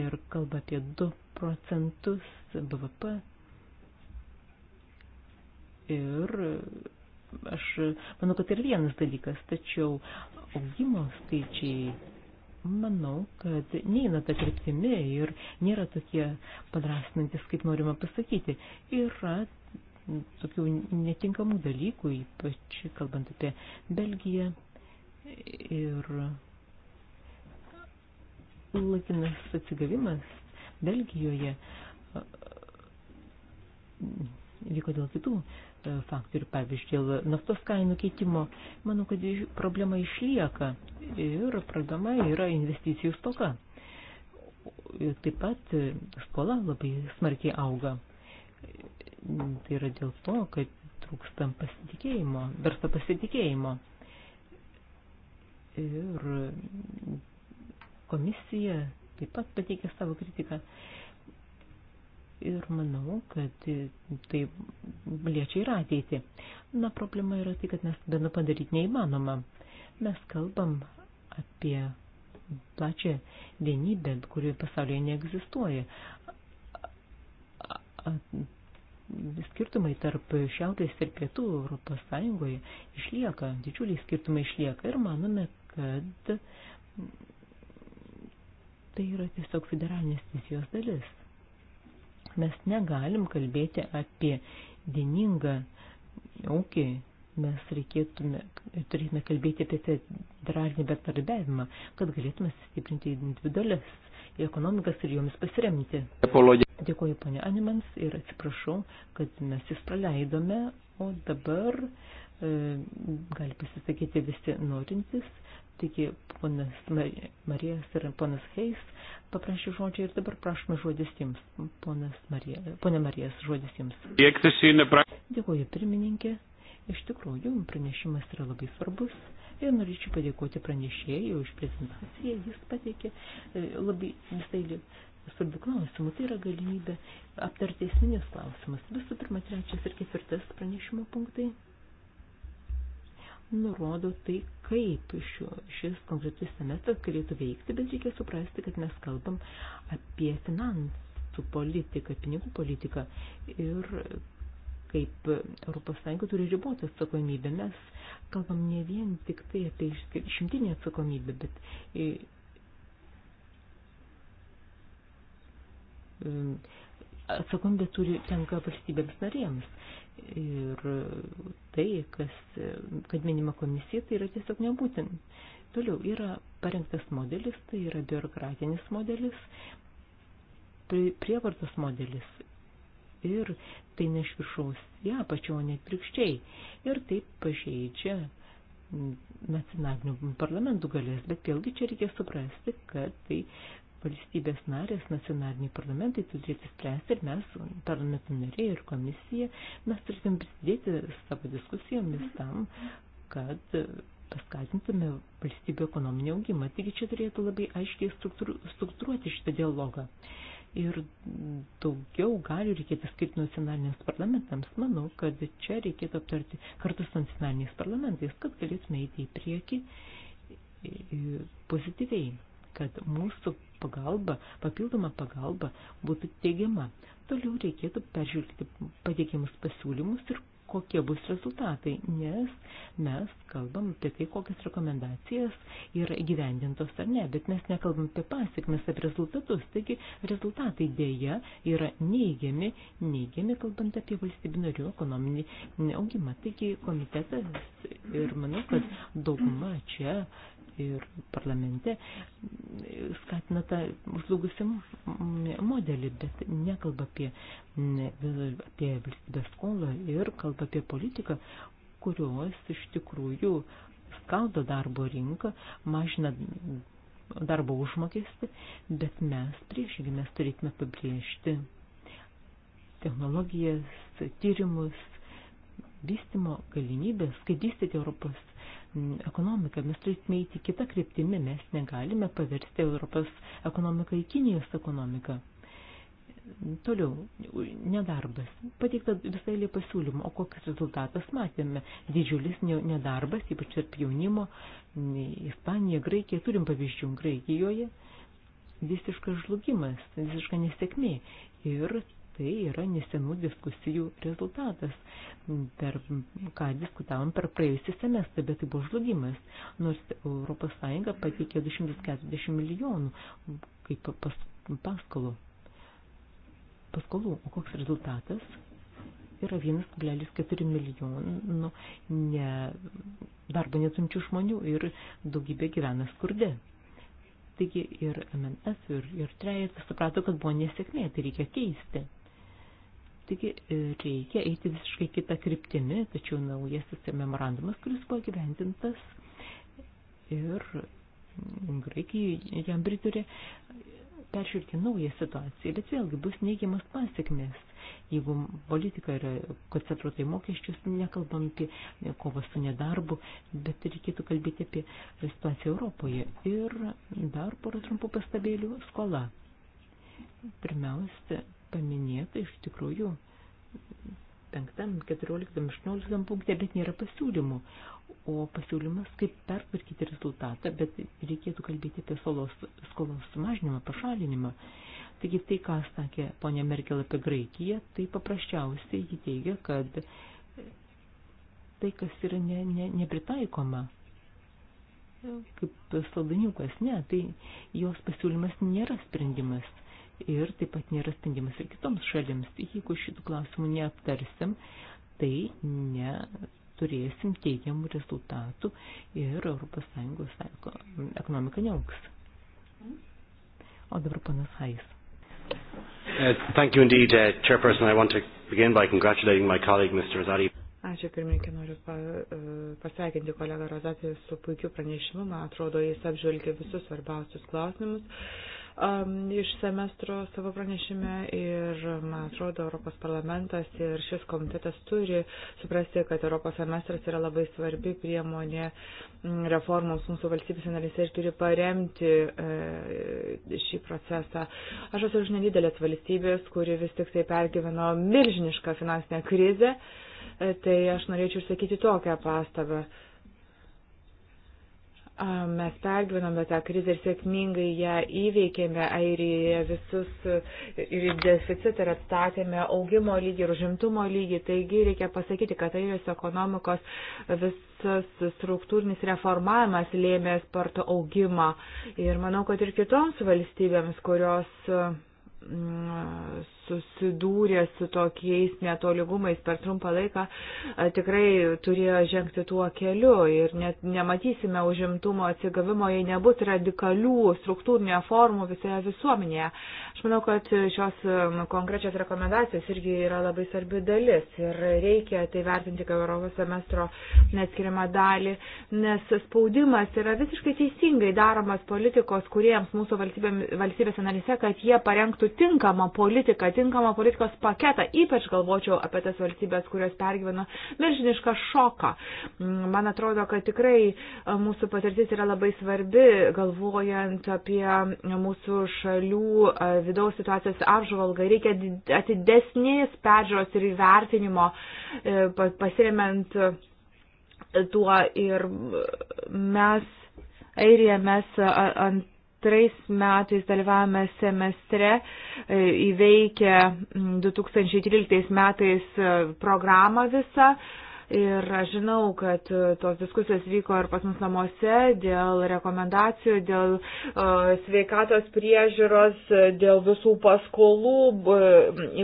ir kalba apie 2 procentus BVP ir Aš manau, kad ir vienas dalykas, tačiau augimo skaičiai, manau, kad neina ta kryptimi ir nėra tokie padrasnantis, kaip norima pasakyti. Yra tokių netinkamų dalykų, ypač kalbant apie Belgiją ir laikinas atsigavimas Belgijoje vyko dėl kitų E, faktorių, pavyzdžiui, dėl naftos kainų keitimo, manau, kad problema išlieka ir problema yra investicijų stoka. E, taip pat e, skola labai smarkiai auga. Tai yra dėl to, kad trūksta pasitikėjimo, verslo pasitikėjimo. Ir komisija taip pat pateikė savo kritiką ir manau, kad tai liečia ir ateitį. Na, problema yra tai, kad mes tada nu padaryti neįmanoma. Mes kalbam apie plačią vienybę, kuri pasaulyje neegzistuoja. Skirtumai tarp Šiaurės ir Pietų Europos Sąjungoje išlieka, didžiuliai skirtumai išlieka ir manome, kad tai yra tiesiog federalinės misijos dalis. Mes negalim kalbėti apie vieningą ūkį, mes reikėtume, turėtume kalbėti apie federalinį bendradarbiavimą, kad galėtume sustiprinti individualias ekonomikas ir jomis pasiremti. Dėkuoju ponė Animans ir atsiprašau, kad mes jūs praleidome, o dabar e, gali pasisakyti visi norintys. Taigi ponas Marijas ir ponas Heis, paprašė žodžio ir dabar prašome žodis jums, ponas Marija, ponė Marijas, žodis jums. Dėkuoju pirmininkė, iš tikrųjų pranešimas yra labai svarbus ir norėčiau padėkoti pranešėjai už prezentaciją, jis pateikė e, labai visai svarbių klausimų, tai yra galimybė aptarti esminės klausimus. Visų pirma, trečias ir ketvirtas pranešimo punktai nurodo tai, kaip šiuo, šis konkretus semestras galėtų veikti, bet reikia suprasti, kad mes kalbam apie finansų politiką, pinigų politiką ir kaip ES turi ribotą atsakomybę. Mes kalbam ne vien tik tai apie šimtinę atsakomybę, bet atsakomybė turi tenka valstybėms narėms. Ir tai, kas, kad minima komisija, tai yra tiesiog nebūtin. Toliau yra parengtas modelis, tai yra biurokratinis modelis, prievartos modelis. Ir tai ne iš viršaus, ja, pačio net prikščiai. Ir taip pažeidžia nacionalinių parlamentų galės, bet vėlgi čia reikia suprasti, kad tai valstybės narės, nacionaliniai parlamentai turėtų spręsti ir mes, parlamento nariai ir komisija, mes turėtume prisidėti savo diskusijomis tam, kad paskatintume valstybių ekonominį augimą. Taigi čia turėtų labai aiškiai struktūru, struktūruoti šitą dialogą. Ir daugiau galių reikėtų skirti nacionaliniams parlamentams. Manau, kad čia reikėtų aptarti kartu su nacionaliniais parlamentais, kad galėtume eiti į priekį pozityviai kad mūsų pagalba, papildoma pagalba būtų teigiama. Toliau reikėtų peržiūrėti pateikimus pasiūlymus ir kokie bus rezultatai, nes mes kalbam apie tai, kokias rekomendacijas yra įgyvendintos ar ne, bet mes nekalbam apie pasiekmes, apie rezultatus. Taigi rezultatai dėja yra neigiami, neigiami kalbant apie valstybių narių ekonominį augimą. Taigi komitetas ir manau, kad dauguma čia ir parlamente skatina tą žlugusi modelį, bet nekalba apie, apie valstybės skolą ir kalba apie politiką, kurios iš tikrųjų skaldo darbo rinką, mažina darbo užmokestį, bet mes priešingai mes turėtume pabrėžti technologijas, tyrimus, vystimo galimybės, kaip vystyti Europos ekonomiką. Mes turėtume įti kitą kryptimį, mes negalime paversti Europos ekonomiką į Kinijos ekonomiką. Toliau, nedarbas. Pateikta visai lė pasiūlymų, o kokius rezultatas matėme. Didžiulis nedarbas, ypač tarp jaunimo, Ispanija, Graikija, turim pavyzdžių Graikijoje, visiškas žlugimas, visiška nesėkmė. Ir tai yra nesenų diskusijų rezultatas, per ką diskutavom per praėjusį semestrą, bet tai buvo žlugimas, nors ES pateikė 240 milijonų kaip pas, paskolų. Paskolų, o koks rezultatas? Yra 1,4 milijono ne, darbo neturinčių žmonių ir daugybė gyvena skurde. Taigi ir MNS, ir, ir trejas suprato, kad buvo nesėkmė, tai reikia keisti. Taigi e, reikia eiti visiškai kitą kryptimį, tačiau naujasis tai memorandumas, kuris buvo gyventintas ir Graikijai jam priturė peržiūrėti naują situaciją, bet vėlgi bus neigiamas pasiekmes. Jeigu politika yra koncentruota į mokesčius, nekalbam apie kovą su nedarbu, bet reikėtų kalbėti apie situaciją Europoje. Ir dar porą trumpų pastabėlių - skola. Pirmiausia, paminėta iš tikrųjų penktam, keturioliktam, aštuonioliktam punkte, bet nėra pasiūlymų. O pasiūlymas, kaip pertvarkyti rezultatą, bet reikėtų kalbėti apie solos, skolos sumažinimą, pašalinimą. Taigi tai, ką sakė ponia Merkel apie Graikiją, tai paprasčiausiai ji teigia, kad tai, kas yra ne, ne, nepritaikoma, kaip saldaniukas, ne, tai jos pasiūlymas nėra sprendimas ir taip pat nėra sprendimas ir kitoms šalims. Jeigu šitų klausimų neaptarsim, tai neturėsim teigiamų rezultatų ir ES ekonomika neauks. O dabar panas Hais. Uh, thank you indeed, uh, Chairperson. I want to begin by congratulating my colleague, Mr. Azadi. Ačiū, pirmininkė, noriu pa, uh, pasveikinti kolegą Rozatį su puikiu pranešimu. Man atrodo, jis apžvelgia visus svarbiausius klausimus um, iš semestro savo pranešime ir, man atrodo, Europos parlamentas ir šis komitetas turi suprasti, kad Europos semestras yra labai svarbi priemonė reformoms mūsų valstybės analise ir turi paremti e, šį procesą. Aš esu iš nedidelės valstybės, kuri vis tik tai pergyveno milžinišką finansinę krizę, e, tai aš norėčiau išsakyti tokią pastabą. E, Mes pergyvenome tą krizę ir sėkmingai ją įveikėme Airijoje visus ir deficitą ir atstatėme augimo lygį ir užimtumo lygį. Taigi reikia pasakyti, kad Airijos ekonomikos visas struktūrinis reformavimas lėmė spartų augimą. Ir manau, kad ir kitoms valstybėms, kurios mm, susidūrė su tokiais netolygumais per trumpą laiką, tikrai turėjo žengti tuo keliu ir net nematysime užimtumo atsigavimo, jei nebus radikalių struktūrinio formų visoje visuomenėje. Aš manau, kad šios konkrečios rekomendacijos irgi yra labai svarbi dalis ir reikia tai vertinti kaip Europos semestro neatskiriamą dalį, nes spaudimas yra visiškai teisingai daromas politikos kuriems mūsų valstybės analise, kad jie parengtų tinkamą politiką, atitinkamą politikos paketą. Ypač galvočiau apie tas valstybės, kurios pergyveno milžinišką šoką. Mm, man atrodo, kad tikrai e, mūsų patirtis yra labai svarbi, galvojant apie mūsų šalių e, vidaus situacijos apžvalgą. Reikia atidesnės peržiūros ir įvertinimo e, pasiremiant tuo ir mes Airija mes ant antrais metais dalyvavome semestre, e, įveikę 2013 metais e, programą visą, Ir aš žinau, kad e, tos diskusijos vyko ir pas mus namuose dėl rekomendacijų, dėl e, sveikatos priežiūros, e, dėl visų paskolų,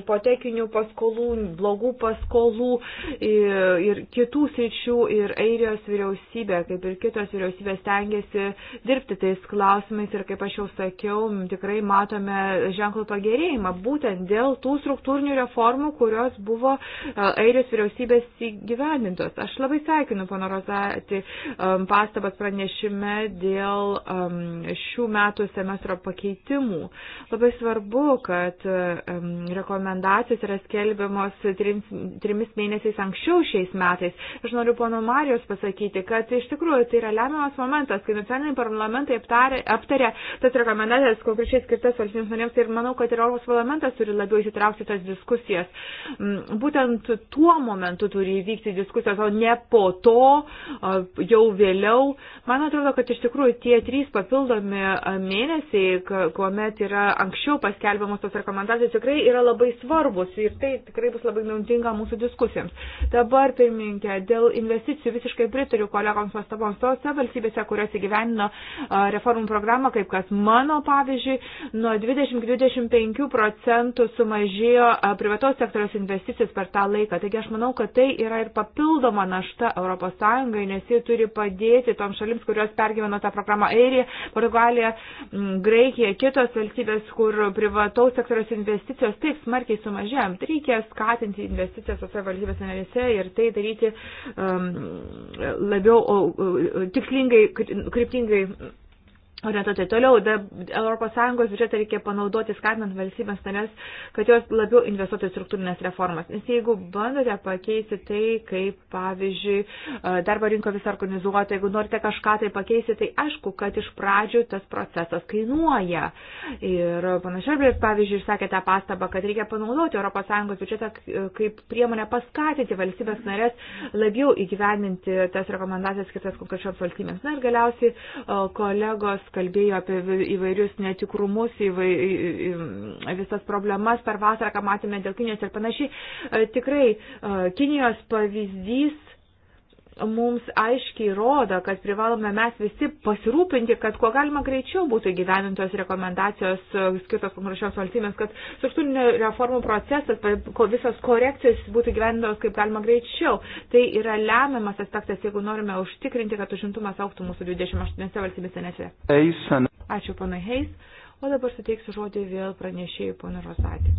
ipotekinių paskolų, blogų paskolų ir kitų sričių. Ir Airijos vyriausybė, kaip ir kitos vyriausybės, tengiasi dirbti tais klausimais. Ir kaip aš jau sakiau, tikrai matome ženklų pagerėjimą būtent dėl tų struktūrinių reformų, kurios buvo Airijos vyriausybės įgyvendinti įgyvendintos. Aš labai sveikinu pono Rozatį um, pastabas pranešime dėl um, šių metų semestro pakeitimų. Labai svarbu, kad um, rekomendacijos yra skelbiamos trimis mėnesiais anksčiau šiais metais. Aš noriu pono Marijos pasakyti, kad iš tikrųjų tai yra lemiamas momentas, kai nacionaliniai parlamentai aptarė, aptarė tas rekomendacijas konkrečiai skirtas valstybėms narėms ir manau, kad ir Europos parlamentas turi labiau įsitraukti tas diskusijas. Mm, būtent tuo momentu turi įvykti diskusijos diskusijos, o ne po to, jau vėliau. Man atrodo, kad iš tikrųjų tie trys papildomi mėnesiai, kuomet yra anksčiau paskelbiamos tos rekomendacijos, tikrai yra labai svarbus ir tai tikrai bus labai naudinga mūsų diskusijams. Dabar, pirmininkė, dėl investicijų visiškai pritariu kolegoms pastaboms tose valstybėse, kurios įgyvenino reformų programą, kaip kas mano, pavyzdžiui, nuo 20-25 procentų sumažėjo privataus sektoriaus investicijas per tą laiką. Taigi aš manau, kad tai yra ir pap papildoma našta ES, nes jie turi padėti tom šalims, kurios pergyveno tą programą Airija, Portugalija, mm, Graikija, kitos valstybės, kur privataus sektoriaus investicijos taip smarkiai sumažėjo. Reikia skatinti investicijas tose valstybės narėse ir tai daryti um, labiau o, tikslingai, kryptingai orientuoti toliau. ES biudžetą reikia panaudoti, skatinant valstybės narės, kad jos labiau investuotų į struktūrinės reformas. Nes jeigu bandote pakeisti tai, kaip, pavyzdžiui, darbo rinko visą organizuoti, jeigu norite kažką tai pakeisti, tai aišku, kad iš pradžių tas procesas kainuoja. Ir panašiai, pavyzdžiui, išsakė tą pastabą, kad reikia panaudoti ES biudžetą kaip priemonę paskatinti valstybės narės labiau įgyveninti tas rekomendacijas skirtas konkrečioms valstybėms. Na ir galiausiai kolegos kalbėjo apie įvairius netikrumus, įvai, visas problemas per vasarą, ką matėme dėl Kinijos ir panašiai. E, tikrai e, Kinijos pavyzdys mums aiškiai rodo, kad privalome mes visi pasirūpinti, kad kuo galima greičiau būtų gyvenintos rekomendacijos e, skirtos konkrečios valstybės, kad struktūrinio reformų procesas, visos korekcijos būtų gyvenintos kaip galima greičiau. Tai yra lemiamas aspektas, jeigu norime užtikrinti, kad užimtumas auktų mūsų 28 valstybėse nese. Ačiū, pana Heis. O dabar suteiksiu žodį vėl pranešėjai, pana Rosatį.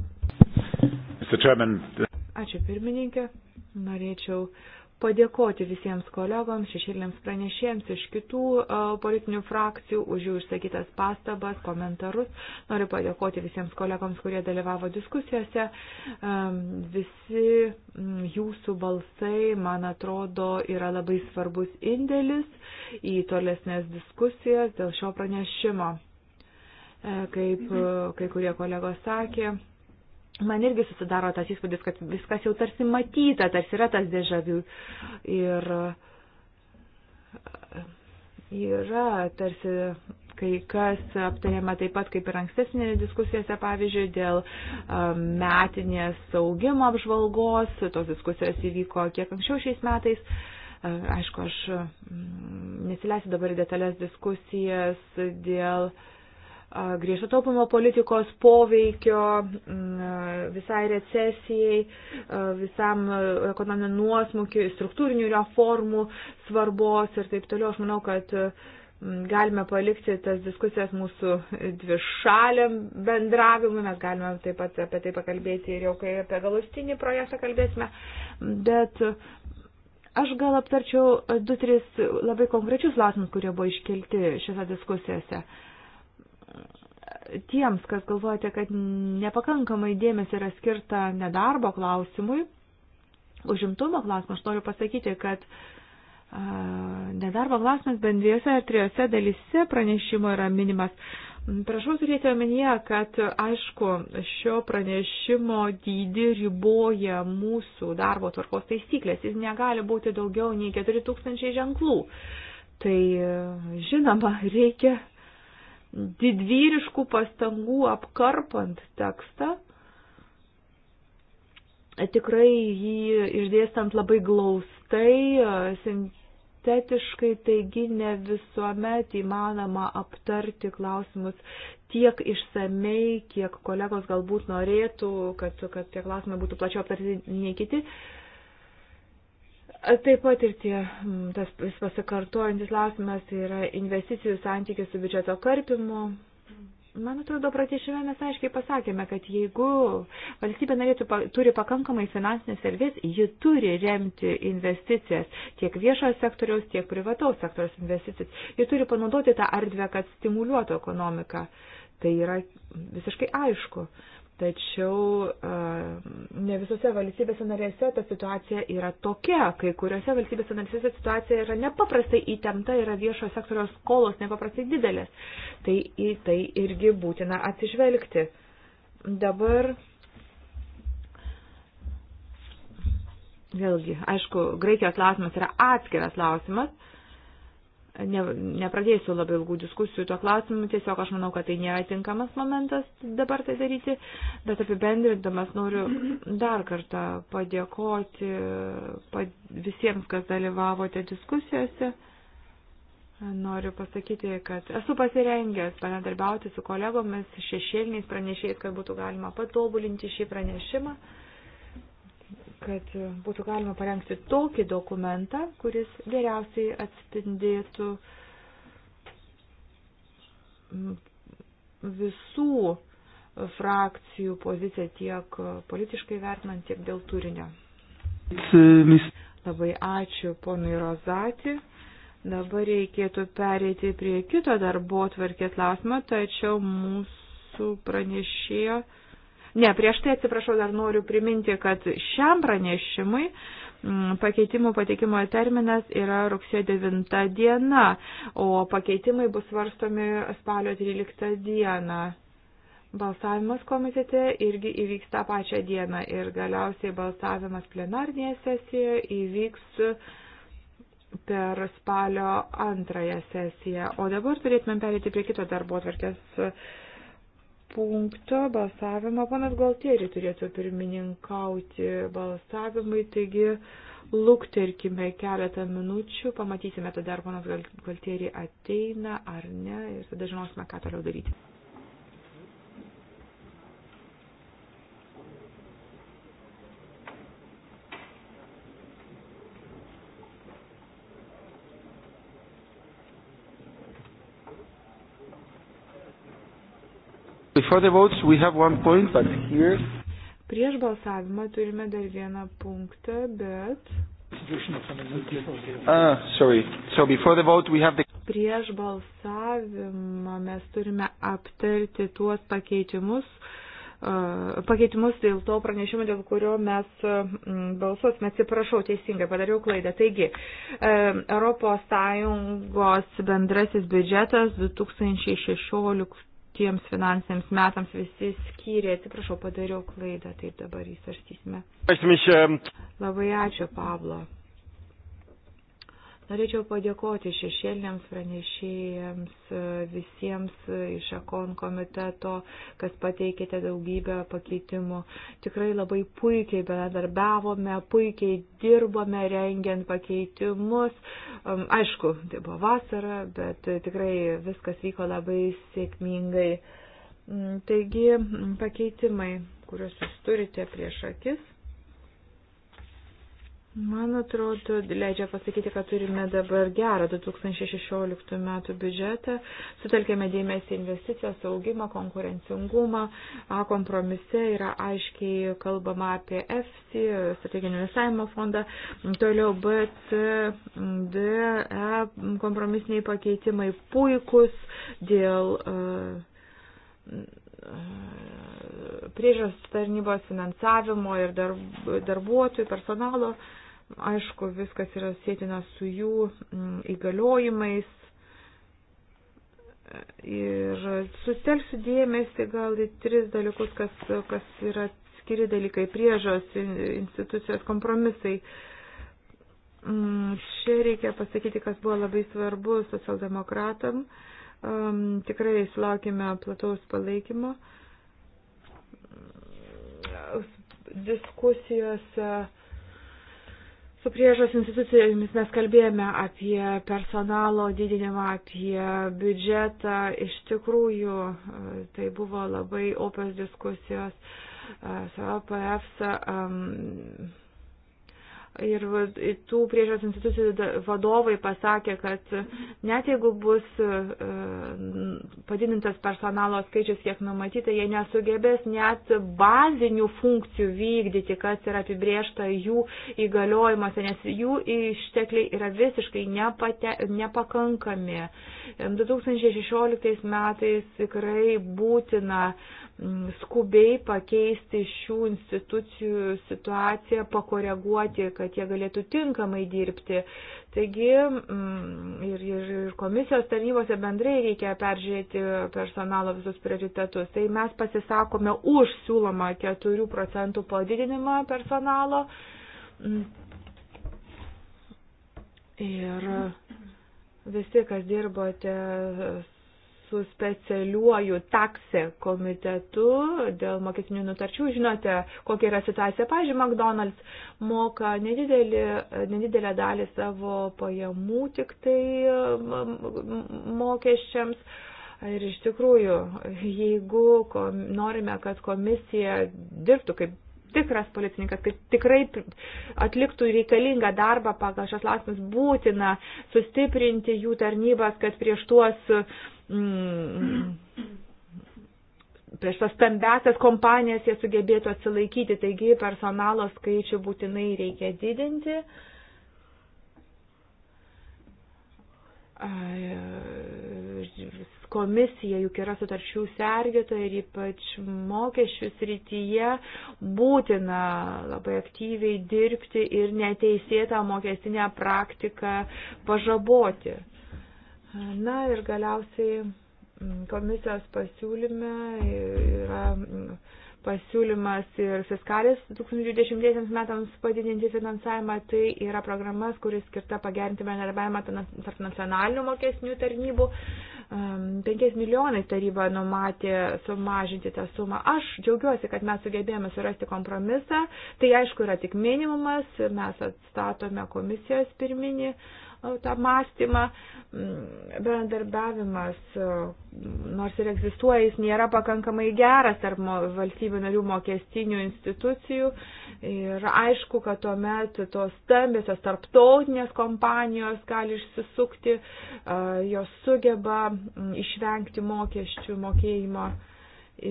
Ačiū, pirmininkė. Norėčiau padėkoti visiems kolegoms, šešėlėms pranešėjams iš kitų politinių frakcijų už jų išsakytas pastabas, komentarus. Noriu padėkoti visiems kolegoms, kurie dalyvavo diskusijose. Visi jūsų balsai, man atrodo, yra labai svarbus indėlis į tolesnės diskusijas dėl šio pranešimo. Kaip kai kurie kolegos sakė, man irgi susidaro tas įspūdis, kad viskas jau tarsi matyta, tarsi yra tas dėžavių. Ir yra tarsi kai kas aptariama taip pat kaip ir ankstesnėse diskusijose, pavyzdžiui, dėl um, metinės saugimo apžvalgos, tos diskusijos įvyko kiek anksčiau šiais metais. Uh, aišku, aš mm, nesileisiu dabar į detalės diskusijas dėl uh, griežto taupimo politikos poveikio visai recesijai, visam ekonominiam nuosmukiu, struktūrinių reformų svarbos ir taip toliau. Aš manau, kad galime palikti tas diskusijas mūsų dvišaliam bendravimui, mes galime taip pat apie tai pakalbėti ir jau kai apie galustinį projektą kalbėsime, bet aš gal aptarčiau du, tris labai konkrečius klausimus, kurie buvo iškelti šiose diskusijose. Uh, tiems, kas galvojate, kad nepakankamai dėmesio yra skirta nedarbo klausimui, užimtumo klausimui, aš noriu pasakyti, kad nedarbo klausimas bent dviejose ar trijose dalyse pranešimo yra minimas. Prašau turėti omenyje, kad aišku, šio pranešimo dydį riboja mūsų darbo tvarkos taisyklės. Jis negali būti daugiau nei 4000 ženklų. Tai žinoma, reikia didvyriškų pastangų apkarpant tekstą, tikrai jį išdėstant labai glaustai, sintetiškai, taigi ne visuomet įmanoma aptarti klausimus tiek išsamei, kiek kolegos galbūt norėtų, kad, kad tie klausimai būtų plačiau aptarti nei kiti. Uh, Taip pat ir tie, tas pasikartojantis klausimas tai yra investicijų santykis su biudžeto karpimu. Man atrodo, pratešime mes aiškiai pasakėme, kad jeigu valstybė norėtų, turi pakankamai finansinės erdvės, ji turi remti investicijas, tiek viešojo sektoriaus, tiek privataus sektoriaus investicijas. Ji turi panaudoti tą erdvę, kad stimuliuotų ekonomiką. Tai yra visiškai aišku. Uh, Tačiau ne visose valstybėse narėse ta situacija yra tokia. Kai kuriuose valstybėse narėse situacija yra nepaprastai įtempta, yra viešojo sektoriaus skolos nepaprastai didelės. Tai į tai irgi būtina atsižvelgti. Dabar vėlgi, aišku, Graikijos klausimas yra atskiras klausimas ne, nepradėsiu labai ilgų diskusijų tuo klausimu, tiesiog aš manau, kad tai nėra tinkamas momentas dabar tai daryti, bet apibendrindamas noriu dar kartą padėkoti pad, visiems, kas dalyvavote diskusijose. Noriu pasakyti, kad esu pasirengęs bendradarbiauti su kolegomis, šešėliniais pranešėjais, kad būtų galima patobulinti šį pranešimą kad būtų galima parengti tokį dokumentą, kuris geriausiai atspindėtų visų frakcijų poziciją tiek politiškai vertinant, tiek dėl turinio. Labai ačiū ponui Rozatį. Dabar reikėtų pereiti prie kito darbo tvarkės klausimo, tačiau mūsų pranešėjo Ne, prieš tai atsiprašau, dar noriu priminti, kad šiam pranešimui mm, pakeitimų pateikimo terminas yra rugsėjo 9 diena, o pakeitimai bus svarstomi spalio 13 dieną. Balsavimas komitete irgi įvyks tą pačią dieną ir galiausiai balsavimas plenarnėje sesijoje įvyks per spalio antrąją sesiją. O dabar turėtume perėti prie kito darbo atvarkės punkto balsavimą. Panas Galtieri turėtų pirmininkauti balsavimui, taigi lukterkime keletą minučių, pamatysime tada, ar panas Galtieri ateina ar ne ir tada žinosime, ką toliau daryti. Before the votes we have one point, but here... Prieš balsavimą turime dar vieną punktą, bet... Ah, sorry. So before the vote we have the... Prieš balsavimą mes turime aptarti tuos pakeitimus, uh, pakeitimus dėl to pranešimo, dėl kurio mes mm, balsuosime. Atsiprašau, teisingai padariau klaidą. Taigi, um, Europos Sąjungos bendrasis biudžetas 2016 tiems finansiniams metams visi skyrė. Atsiprašau, padariau klaidą, taip dabar įsvarstysime. Labai ačiū, Pablo. Norėčiau padėkoti šešėliams pranešėjams, e, visiems iš Akon komiteto, kas pateikėte daugybę pakeitimų. Tikrai labai puikiai bendradarbiavome, puikiai dirbome rengiant pakeitimus. Aišku, tai buvo vasara, bet tikrai viskas vyko labai sėkmingai. Mm, taigi pakeitimai, kuriuos jūs turite prieš akis Man atrodo, leidžia pasakyti, kad turime dabar gerą 2016 metų biudžetą, sutelkėme dėmesį investicijas, saugimą, konkurencingumą, kompromise yra aiškiai kalbama apie EFSI, strateginio investavimo fondą, toliau BCD, E, kompromisiniai pakeitimai puikus dėl. Uh, priežiūros tarnybos finansavimo ir darbuotojų personalo uh, Aišku, viskas yra sėtina su jų mm, įgaliojimais. Ir sustelksiu dėmesį gal į tris dalykus, kas, kas yra skiri dalykai, priežos, institucijos kompromisai. Mm, čia reikia pasakyti, kas buvo labai svarbu socialdemokratam. Tikrai sulaukime plataus palaikymo diskusijose Su priežos institucijomis mes kalbėjome apie personalo didinimą, apie biudžetą. Iš tikrųjų, e, tai buvo labai opios diskusijos e, su APF. E um, Ir tų priežiūros institucijų vadovai pasakė, kad net jeigu bus e, padidintas personalo skaičius, kiek numatyta, jie nesugebės net bazinių funkcijų vykdyti, kas yra apibriešta jų įgaliojimuose, nes jų ištekliai yra visiškai nepate, nepakankami. 2016 metais tikrai būtina Mm, skubiai pakeisti šių institucijų situaciją, pakoreguoti, kad jie galėtų tinkamai dirbti. Taigi mm, ir, ir, ir komisijos tarnybose bendrai reikia peržiūrėti personalo visus prioritetus. Tai mes pasisakome už siūlomą 4 procentų padidinimą personalo. Mm. Ir visi, kas dirbote su specialiuoju taksė komitetu dėl mokesinių nutarčių. Žinote, kokia yra situacija. Pavyzdžiui, McDonald's moka nedidelį, nedidelę dalį savo pajamų tik tai mokesčiams. Ir iš tikrųjų, jeigu kom, norime, kad komisija dirbtų kaip tikras policininkas, kad tikrai atliktų reikalingą darbą pagal šios lasmus būtina sustiprinti jų tarnybas, kad prieš tuos uh, mm, prieš tas stambiasias kompanijas jie sugebėtų atsilaikyti, taigi personalo skaičių būtinai reikia didinti. Komisija juk yra sutarčių sergėtoja ir ypač mokesčių srityje būtina labai aktyviai dirbti ir neteisėtą mokestinę praktiką pažaboti. Na ir galiausiai mm, komisijos pasiūlyme yra mm, pasiūlymas ir fiskalis 2020 metams padidinti finansavimą, tai yra programas, kuris skirta pagerinti bendarbiavimą tarp nacionalinių mokesnių tarnybų. 5 milijonai taryba numatė sumažinti tą sumą. Aš džiaugiuosi, kad mes sugebėjome surasti kompromisą. Tai aišku yra tik minimumas, mes atstatome komisijos pirminį uh, tą mąstymą. Mm, bendarbiavimas, e, nors ir egzistuoja, jis nėra pakankamai geras tarp valstybių narių mokestinių institucijų. Ir aišku, kad tuomet tos stambėsios tarptautinės kompanijos gali išsisukti, e, jos sugeba mm, išvengti mokesčių mokėjimo.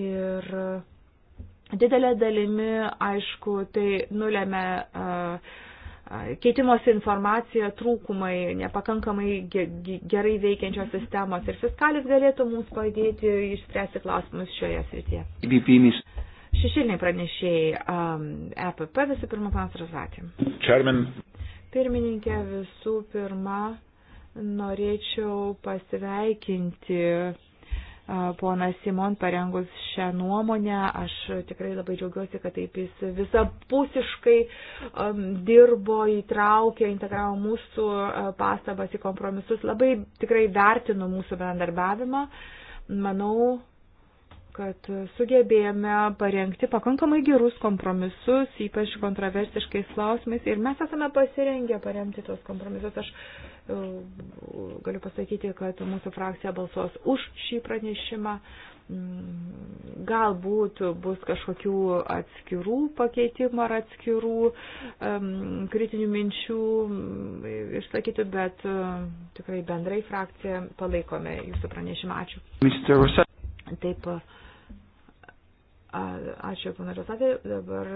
Ir e, didelė dalimi, aišku, tai nulėmė uh, keitimosi informacija trūkumai, nepakankamai gerai veikiančios sistemos ir fiskalis galėtų mums padėti išspręsti klausimus šioje srityje. Šešiliniai pranešėjai, um, EPP visų pirma, panas Razatė. Chairman. Pirmininkė visų pirma, norėčiau pasveikinti ponas Simon parengus šią nuomonę. Aš tikrai labai džiaugiuosi, kad taip jis visapusiškai um, dirbo, įtraukė, integravo mūsų pastabas į kompromisus. Labai tikrai vertinu mūsų bendarbiavimą. Manau, kad sugebėjome parengti pakankamai gerus kompromisus, ypač kontroversiškais klausimais ir mes esame pasirengę paremti tos kompromisus. Aš e, galiu pasakyti, kad mūsų frakcija balsuos už šį pranešimą. Mm, galbūt bus kažkokių atskirų pakeitimų ar atskirų um, kritinių minčių mm, išsakyti, bet uh, tikrai bendrai frakcija palaikome jūsų pranešimą. Ačiū. Taip. Uh, Ačiū, pana Rosatė. Dabar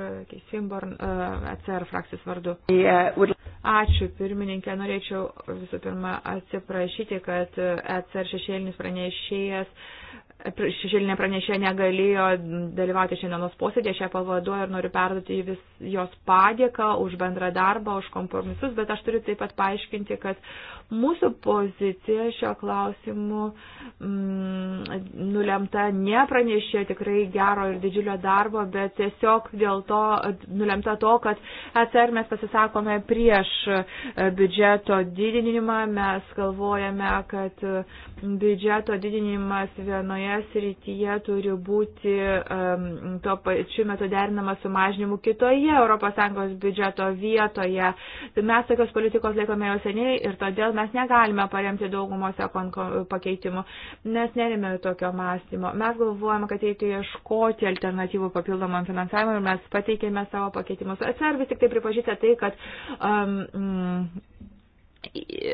Simborn, ACR frakcijos vardu. Ačiū, pirmininkė. Norėčiau visų pirma atsiprašyti, kad ACR šešėlinis pranešėjas šešėlinė pranešė negalėjo dalyvauti šiandienos posėdėje, šią pavaduoju ir noriu perduoti vis jos padėką už bendrą darbą, už kompromisus, bet aš turiu taip pat paaiškinti, kad Mūsų pozicija šio klausimu mm, nulemta ne pranešė tikrai gero ir didžiulio darbo, bet tiesiog dėl to nulemta to, kad ECR mes pasisakome prieš e, biudžeto didinimą, mes galvojame, kad biudžeto didinimas vienoje srityje turi būti um, tuo pačiu metu derinamas su mažinimu kitoje ES biudžeto vietoje. Mes tokios politikos laikome jau seniai ir todėl mes negalime paremti daugumose pakeitimų, nes nerime tokio mąstymo. Mes galvojame, kad reikia ieškoti alternatyvų papildomam finansavimui ir mes pateikėme savo pakeitimus. Ar vis tik tai pripažįsta tai, kad um, mm, E,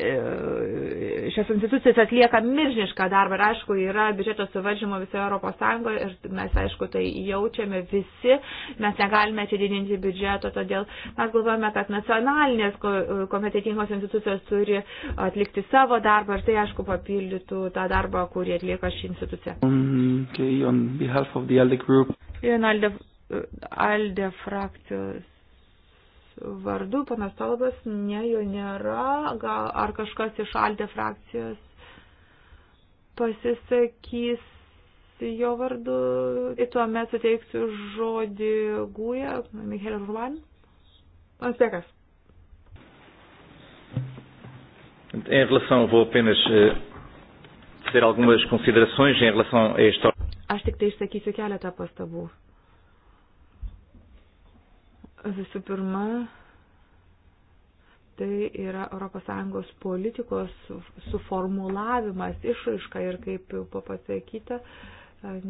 šios institucijos atlieka milžinišką darbą ir aišku yra biudžeto suvaržymo visoje Europos Sąjungoje ir mes aišku tai jaučiame visi, mes negalime atididinti biudžeto, todėl mes galvojame, kad nacionalinės kompetitingos institucijos turi atlikti savo darbą ir tai aišku papildytų tą darbą, kurį atlieka ši institucija. Okay, on behalf of the ALDE group. Alde, Alde frakcijos vardu, panas Talbas, ne, jo nėra, gal, ar kažkas iš Aldė frakcijos pasisakys jo vardu, tai tuomet suteiksiu žodį Gūja, Michael Rulan. Aspekas. Em relação, vou apenas fazer eh, algumas considerações em relação a esta. Acho que tens aqui se calhar está a pastabou. Visų pirma, tai yra ES politikos suformulavimas, išraiška ir kaip jau pasakyta,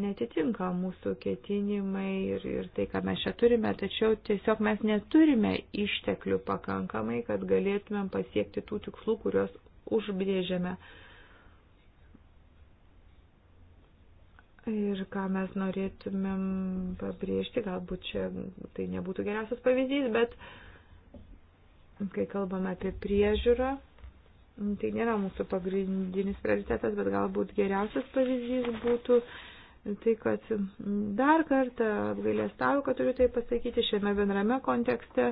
netitinka mūsų ketinimai ir, ir tai, ką mes čia turime, tačiau tiesiog mes neturime išteklių pakankamai, kad galėtumėm pasiekti tų tikslų, kuriuos užbrėžėme. Uh, Ir ką mes norėtumėm pabrėžti, galbūt čia tai nebūtų geriausias pavyzdys, bet kai kalbame apie priežiūrą, tai nėra mūsų pagrindinis prioritetas, bet galbūt geriausias pavyzdys būtų tai, kad dar kartą apgailėstauju, kad turiu tai pasakyti šiame bendrame kontekste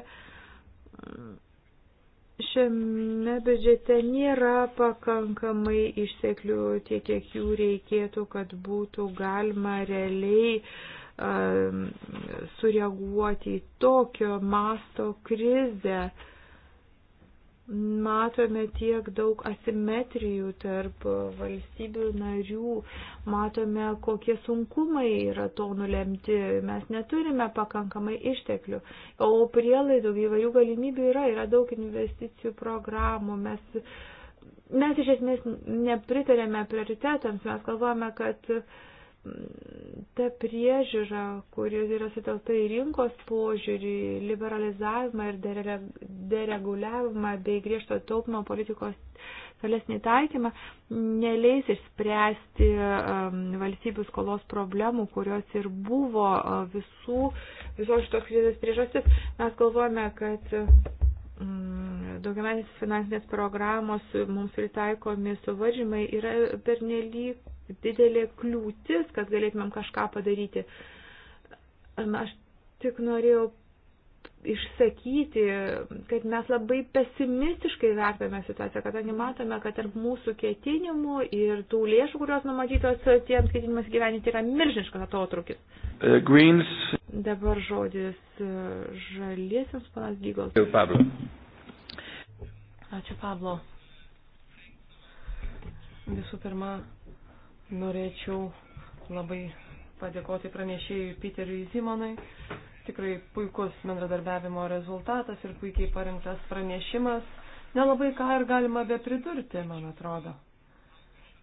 šiame biudžete nėra pakankamai išteklių tiek, kiek jų reikėtų, kad būtų galima realiai uh, sureaguoti į tokio masto krizę. Uh, matome tiek daug asimetrijų tarp valstybių narių, matome, kokie sunkumai yra to nulemti, mes neturime pakankamai išteklių, o prielaidų įvairių galimybių yra, yra daug investicijų programų, mes, mes iš esmės nepritarėme prioritetams, mes galvojame, kad ta priežiūra, kuri yra sutelta į rinkos požiūrį, liberalizavimą ir dereguliavimą bei griežto taupimo politikos tolesnį taikymą, neleis išspręsti um, valstybių skolos problemų, kurios ir buvo uh, visų, visos šitos krizės priežastis. Mes galvojame, kad Mm, daugiametės finansinės programos mums pritaikomi suvaržymai yra pernelyg didelė kliūtis, kad galėtumėm kažką padaryti. Aš tik norėjau išsakyti, kad mes labai pesimistiškai vertame situaciją, kadangi matome, kad tarp mūsų ketinimų ir tų lėšų, kurios numatytos tiems ketinimams gyveninti, yra milžiniškas atotrukis. Uh, greens. Dabar žodis e, žaliesiams, panas Gygos. Ačiū, Pablo. Ačiū, Pablo. Visų pirma, norėčiau labai padėkoti pranešėjui Piteriui Zimonui Tikrai puikus bendradarbiavimo rezultatas ir puikiai parinktas pranešimas. Nelabai ką ir galima be pridurti, man atrodo.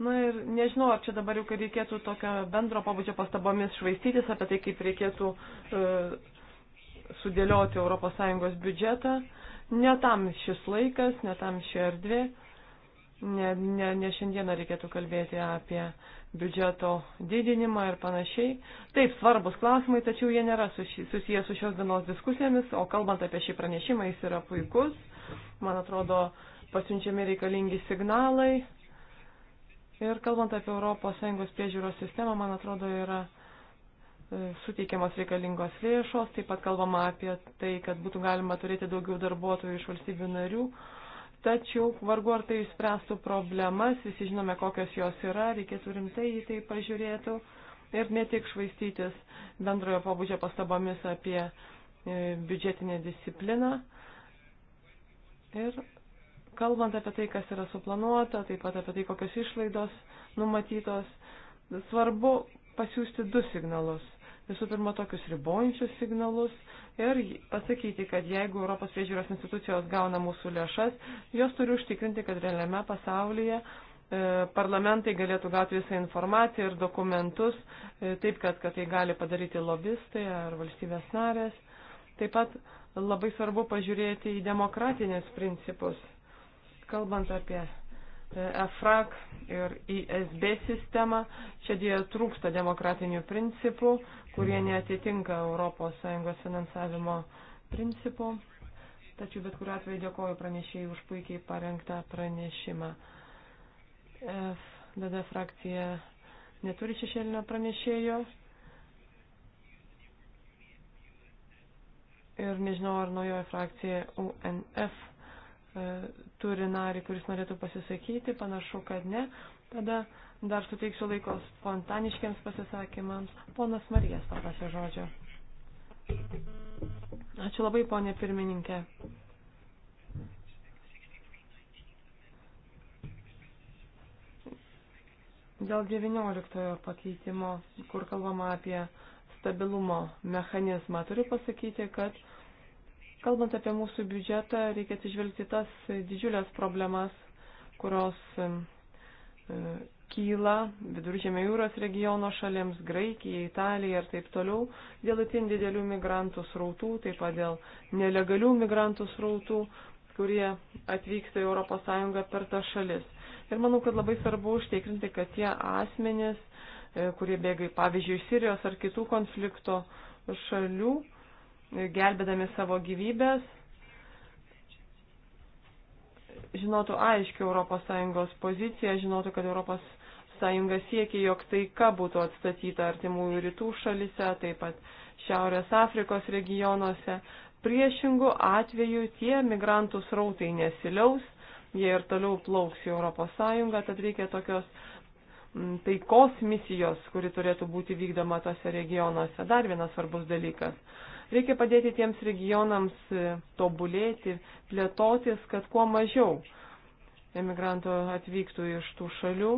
Na ir nežinau, ar čia dabar jau, kad reikėtų tokio bendro pabudžio pastabomis švaistytis apie tai, kaip reikėtų e, sudėlioti ES biudžetą. Ne tam šis laikas, ne tam ši erdvė. Ne, ne, ne šiandieną reikėtų kalbėti apie biudžeto didinimą ir panašiai. Taip, svarbus klausimai, tačiau jie nėra susiję su šios dienos diskusijomis, o kalbant apie šį pranešimą, jis yra puikus. Man atrodo, pasiunčiami reikalingi signalai. Ir kalbant apie ES priežiūros sistemą, man atrodo, yra e, suteikiamas reikalingos lėšos, taip pat kalbama apie tai, kad būtų galima turėti daugiau darbuotojų iš valstybių narių. Uh, tačiau vargu ar tai išspręstų problemas, visi žinome, kokios jos yra, reikėtų rimtai į tai pažiūrėtų ir ne tik švaistytis bendrojo pabudžio pastabomis apie e, biudžetinę discipliną. Ir kalbant apie tai, kas yra suplanuota, taip pat apie tai, kokios išlaidos numatytos, svarbu pasiūsti du signalus visų pirma tokius ribojančius signalus ir pasakyti, kad jeigu Europos priežiūros institucijos gauna mūsų lėšas, jos turi užtikrinti, kad realiame pasaulyje e, parlamentai galėtų gauti visą informaciją ir dokumentus, e, taip kad, kad tai gali padaryti lobistai ar valstybės narės. Taip pat labai svarbu pažiūrėti į demokratinės principus, kalbant apie EFRAK ir ISB sistemą. Čia dėja trūksta demokratinių principų, kurie mhm. netitinka ES finansavimo principų. Tačiau bet kuriuo atveju dėkoju pranešėjai už puikiai parengtą pranešimą. FDD frakcija neturi šešėlinio pranešėjo. ir nežinau, ar naujoji frakcija UNF E, turi narį, kuris norėtų pasisakyti, panašu, kad ne. Tada dar suteiksiu laiko spontaniškiams pasisakymams. Ponas Marijas paprašė žodžio. Ačiū labai, ponė pirmininkė. Dėl 19 pakeitimo, kur kalbama apie stabilumo mechanizmą, turiu pasakyti, kad uh, Kalbant apie mūsų biudžetą, reikia atsižvelgti tas didžiulės problemas, kurios e, kyla viduržėmė jūros regiono šalėms, Graikija, Italija ir taip toliau, dėl itin didelių migrantų srautų, taip pat dėl nelegalių migrantų srautų, kurie atvyksta į ES per tas šalis. Ir manau, kad labai svarbu užtikrinti, kad tie asmenys, e, kurie bėga, pavyzdžiui, iš Sirijos ar kitų konflikto šalių, gelbėdami savo gyvybės, žinotų aiškiai ES poziciją, žinotų, kad ES siekia, jog taika būtų atstatyta artimųjų rytų šalise, taip pat Šiaurės Afrikos regionuose. Priešingų atveju tie migrantų srautai nesiliaus, jie ir toliau plauks į ES, tad reikia tokios taikos misijos, kuri turėtų būti vykdoma tose regionuose. Dar vienas svarbus dalykas. Reikia padėti tiems regionams e, tobulėti, plėtotis, kad kuo mažiau emigrantų atvyktų iš tų šalių.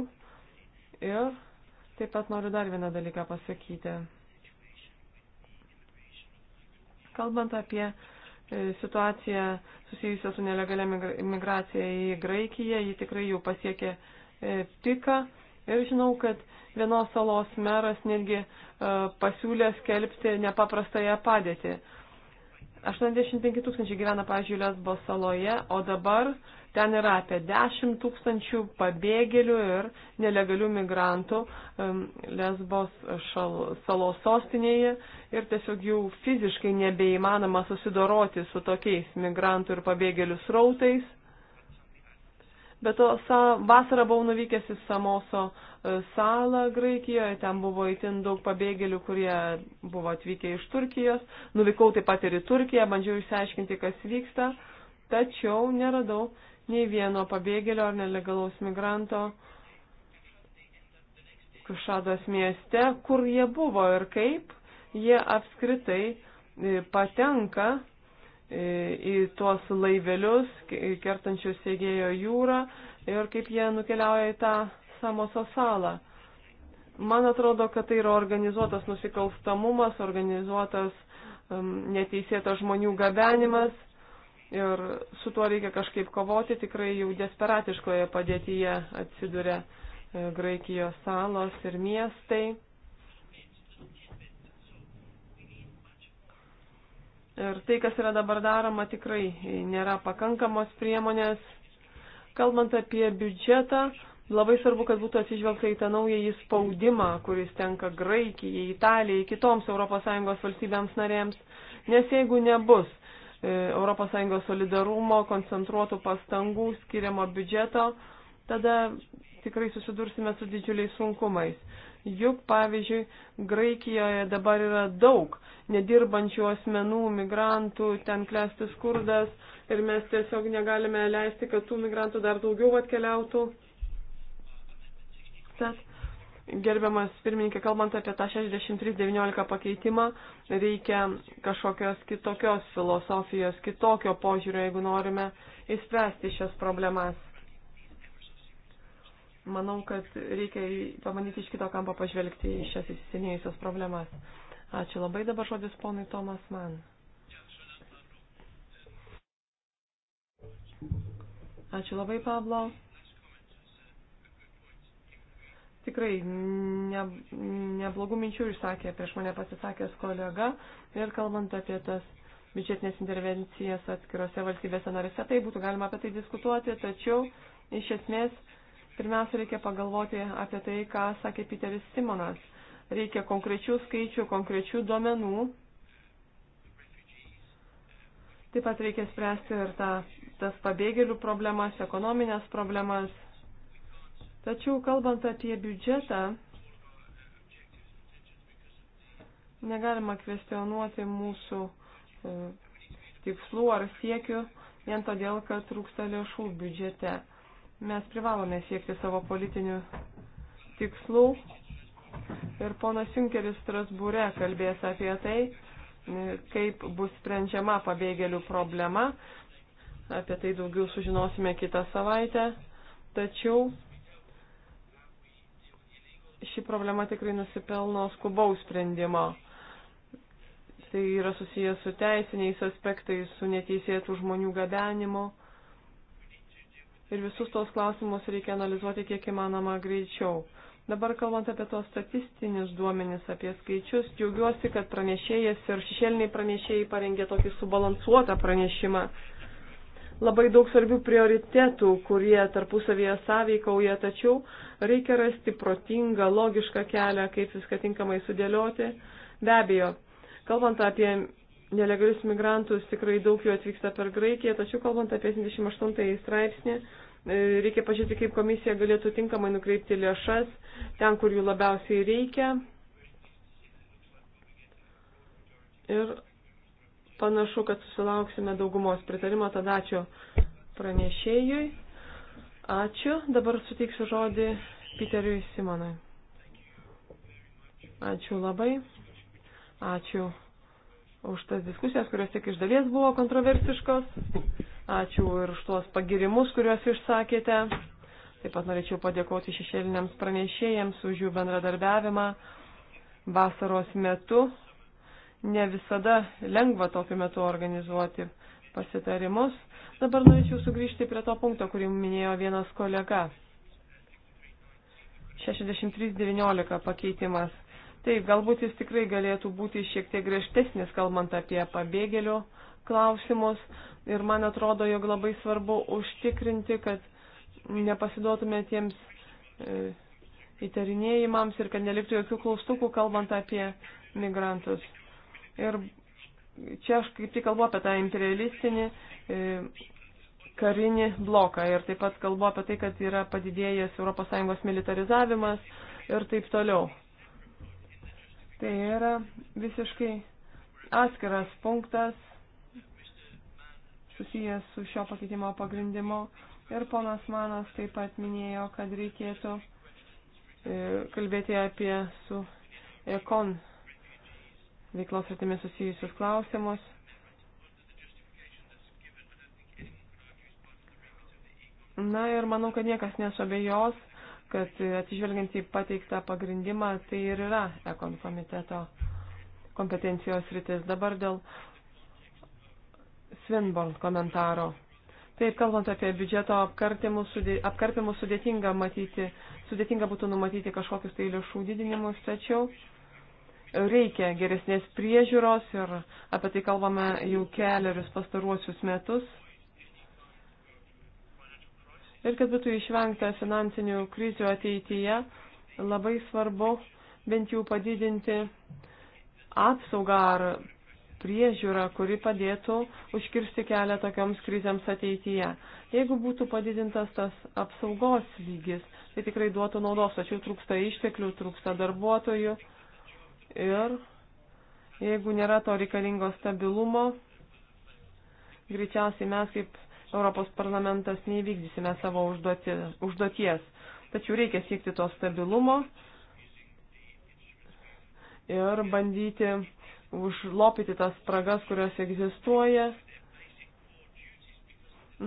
Ir taip pat noriu dar vieną dalyką pasakyti. Kalbant apie e, situaciją susijusią su nelegalia migracija į Graikiją, ji tikrai jau pasiekė e, piką Ir žinau, kad vienos salos meras netgi e, pasiūlė skelbti nepaprastąją padėtį. 85 tūkstančiai gyvena, pavyzdžiui, Lesbos saloje, o dabar ten yra apie 10 tūkstančių pabėgėlių ir nelegalių migrantų Lesbos šal, salos sostinėje ir tiesiog jau fiziškai nebeįmanoma susidoroti su tokiais migrantų ir pabėgėlių srautais. Bet to sa, vasarą buvau nuvykęs į Samoso e, salą Graikijoje, ten buvo itin daug pabėgėlių, kurie buvo atvykę iš Turkijos. Nuvykau taip pat ir į Turkiją, bandžiau išsiaiškinti, kas vyksta, tačiau neradau nei vieno pabėgėlio ar nelegalaus migranto Kušados mieste, kur jie buvo ir kaip jie apskritai e, patenka į tuos laivelius, kertančius Egėjo jūrą ir kaip jie nukeliauja į tą Samoso salą. Man atrodo, kad tai yra organizuotas nusikalstamumas, organizuotas um, neteisėtas žmonių gabenimas ir su tuo reikia kažkaip kovoti, tikrai jau desperatiškoje padėtyje atsiduria e, Graikijos salos ir miestai. Ir tai, kas yra dabar daroma, tikrai nėra pakankamos priemonės. Kalbant apie biudžetą, labai svarbu, kad būtų atsižvelgta į tą naująjį spaudimą, kuris tenka Graikijai, Italijai, kitoms ES valstybėms narėms. Nes jeigu nebus e, ES solidarumo, koncentruotų pastangų, skiriamo biudžeto, tada tikrai susidursime su didžiuliais sunkumais. Juk, pavyzdžiui, Graikijoje dabar yra daug nedirbančių asmenų, migrantų, ten klesti skurdas ir mes tiesiog negalime leisti, kad tų migrantų dar daugiau atkeliautų. Tad, gerbiamas pirmininkė, kalbant apie tą 6319 pakeitimą, reikia kažkokios kitokios filosofijos, kitokio požiūrio, jeigu norime įspręsti šias problemas manau, kad reikia pamanyti iš kito kampo pažvelgti į šias įsisenėjusias problemas. Ačiū labai dabar žodis ponui Tomas Man. Ačiū labai, Pablo. Tikrai ne, neblogų minčių išsakė prieš mane pasisakęs kolega ir kalbant apie tas biudžetinės intervencijas atskirose valstybėse narėse, tai būtų galima apie tai diskutuoti, tačiau iš esmės Pirmiausia, reikia pagalvoti apie tai, ką sakė Piteris Simonas. Reikia konkrečių skaičių, konkrečių duomenų. Taip pat reikia spręsti ir ta, tas pabėgėlių problemas, ekonominės problemas. Tačiau kalbant apie biudžetą, negalima kvestionuoti mūsų e, tikslų ar siekių vien todėl, kad trūksta lėšų biudžete. Mes privalome siekti savo politinių tikslų. Ir ponas Junkeris Strasbūre kalbės apie tai, kaip bus sprendžiama pabėgėlių problema. Apie tai daugiau sužinosime kitą savaitę. Tačiau ši problema tikrai nusipelno skubaus sprendimo. Tai yra susijęs su teisiniais aspektais, su neteisėtų žmonių gabenimu ir visus tos klausimus reikia analizuoti kiek įmanoma greičiau. Dabar kalbant apie tos statistinius duomenis, apie skaičius, džiaugiuosi, kad pranešėjas ir šešėliniai pranešėjai parengė tokį subalansuotą pranešimą. Labai daug svarbių prioritetų, kurie tarpusavėje sąveikauja, tačiau reikia rasti protingą, logišką kelią, kaip viską tinkamai sudėlioti. Be abejo, kalbant apie nelegalius migrantus tikrai daug jų atvyksta per Graikiją, tačiau kalbant apie 78 straipsnį, e, reikia pažiūrėti, kaip komisija galėtų tinkamai nukreipti lėšas ten, kur jų labiausiai reikia. Ir panašu, kad susilauksime daugumos pritarimo, tada ačiū pranešėjui. Ačiū, dabar suteiksiu žodį Piteriui Simonui. Ačiū labai. Ačiū už tas diskusijas, kurios tik iš dalies buvo kontroversiškos. Ačiū ir už tuos pagirimus, kuriuos išsakėte. Taip pat norėčiau padėkoti šešėliniams pranešėjams už jų bendradarbiavimą vasaros metu. Ne visada lengva tokiu metu organizuoti pasitarimus. Dabar norėčiau sugrįžti prie to punkto, kurį minėjo vienas kolega. 63.19 pakeitimas. Taip, galbūt jis tikrai galėtų būti šiek tiek griežtesnis, kalbant apie pabėgėlių klausimus. Ir man atrodo, jog labai svarbu užtikrinti, kad nepasiduotume tiems e, įtarinėjimams ir kad neliktų jokių klaustukų, kalbant apie migrantus. Ir čia aš kaip tik kalbu apie tą imperialistinį e, karinį bloką ir taip pat kalbu apie tai, kad yra padidėjęs ES militarizavimas ir taip toliau. Tai yra visiškai atskiras punktas susijęs su šio pakeitimo pagrindimu. Ir ponas Manas taip pat minėjo, kad reikėtų e, kalbėti apie su ekon veiklos artimis susijusius klausimus. Na ir manau, kad niekas nesobėjos kad atsižvelgiant į pateiktą pagrindimą, tai ir yra ekon komiteto kompetencijos rytis. Dabar dėl Svinborn komentaro. Taip, kalbant apie biudžeto apkarpimus, sudėtinga, matyti, sudėtinga būtų numatyti kažkokius tai lėšų didinimus, tačiau reikia geresnės priežiūros ir apie tai kalbame jau keliarius pastaruosius metus ir kad būtų išvengta finansinių krizių ateityje, labai svarbu bent jau padidinti apsaugą ar priežiūrą, kuri padėtų užkirsti kelią tokioms krizėms ateityje. Jeigu būtų padidintas tas apsaugos lygis, tai tikrai duotų naudos, tačiau trūksta išteklių, trūksta darbuotojų ir jeigu nėra to reikalingo stabilumo, greičiausiai mes kaip Europos parlamentas neįvykdysime savo užduoti, užduoties. Tačiau reikia siekti to stabilumo ir bandyti užlopyti tas spragas, kurios egzistuoja.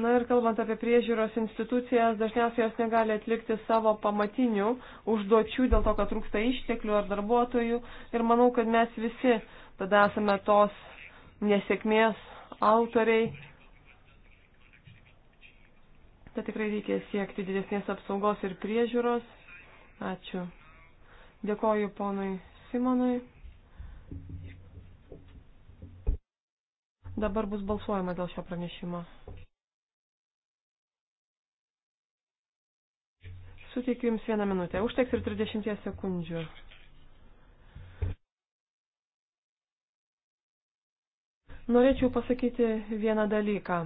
Na ir kalbant apie priežiūros institucijas, dažniausiai jos negali atlikti savo pamatinių užduočių dėl to, kad trūksta išteklių ar darbuotojų. Ir manau, kad mes visi tada esame tos nesėkmės autoriai. Tai tikrai reikia siekti didesnės apsaugos ir priežiūros. Ačiū. Dėkoju ponui Simonui. Dabar bus balsuojama dėl šio pranešimo. Suteikiu Jums vieną minutę. Užteks ir 30 sekundžių. Norėčiau pasakyti vieną dalyką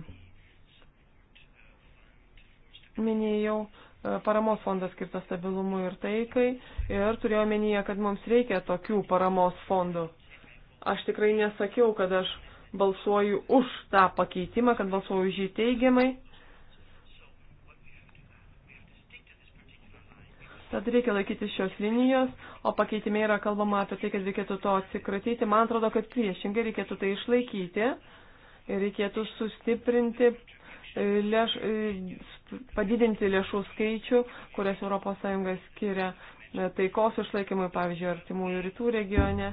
minėjau, e, paramos fondas skirtas stabilumui ir taikai ir turėjau menyje, kad mums reikia tokių paramos fondų. Aš tikrai nesakiau, kad aš balsuoju už tą pakeitimą, kad balsuoju už jį teigiamai. Tad reikia laikytis šios linijos, o pakeitime yra kalbama apie tai, kad reikėtų to atsikratyti. Man atrodo, kad priešingai reikėtų tai išlaikyti ir reikėtų sustiprinti lėš, e, padidinti lėšų skaičių, kurias ES skiria e, taikos išlaikymui, pavyzdžiui, artimųjų rytų regione,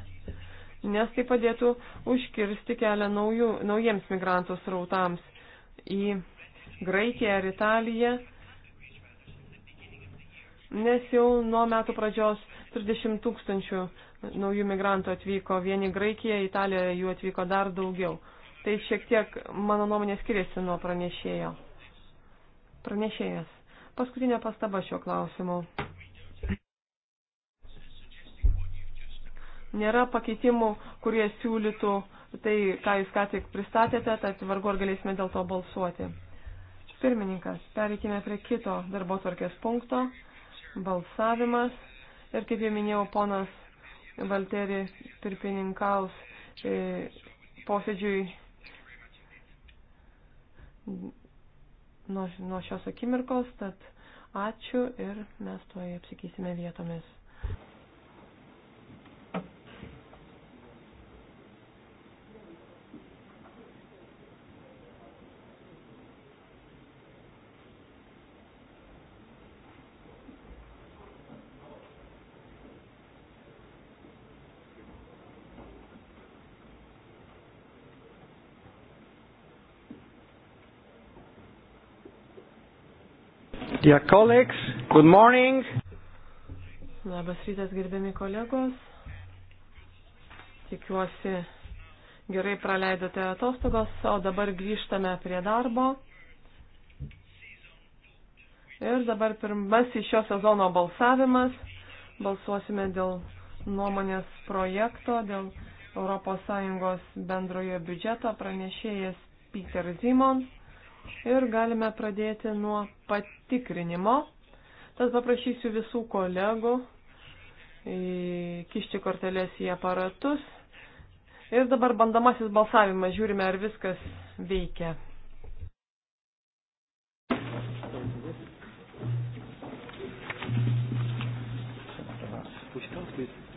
nes tai padėtų užkirsti kelią naujų, naujiems migrantų srautams į Graikiją ar Italiją, nes jau nuo metų pradžios 30 tūkstančių naujų migrantų atvyko, vieni Graikija, Italijoje jų atvyko dar daugiau. Tai šiek tiek mano nuomonė skiriasi nuo pranešėjo. Pranešėjas. Paskutinė pastaba šiuo klausimu. Nėra pakeitimų, kurie siūlytų tai, ką jūs ką tik pristatėte, tad vargu ar galėsime dėl to balsuoti. Pirmininkas, pereikime prie kito darbo tvarkės punkto. Balsavimas. Ir kaip jau minėjau, ponas Valterį pirpininkaus e, posėdžiui nuo, nuo šios akimirkos, tad ačiū ir mes tuoj apsikeisime vietomis. Dear colleagues, good morning. Labas rytas, gerbiami kolegos. Tikiuosi, gerai praleidote atostogas, o dabar grįžtame prie darbo. Ir dabar pirmasis šio sezono balsavimas. Balsuosime dėl nuomonės projekto, dėl ES bendrojo biudžeto pranešėjas Peter Zimon ir galime pradėti nuo patikrinimo. Tad paprašysiu visų kolegų kišti korteles į aparatus. Ir dabar bandamasis balsavimas, žiūrime, ar viskas veikia.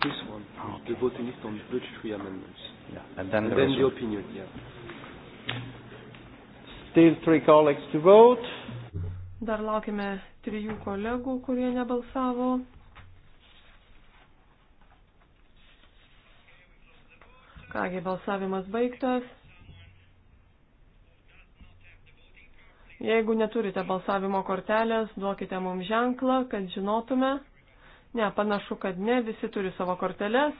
This one, oh. the voting list on budgetary amendments. Yeah, and then, and the, then the opinion. Yeah. Still three colleagues to vote. Dar laukime trijų kolegų, kurie nebalsavo. Kągi, balsavimas baigtas. Jeigu neturite balsavimo kortelės, duokite mums ženklą, kad žinotume. Ne, panašu, kad ne, visi turi savo korteles.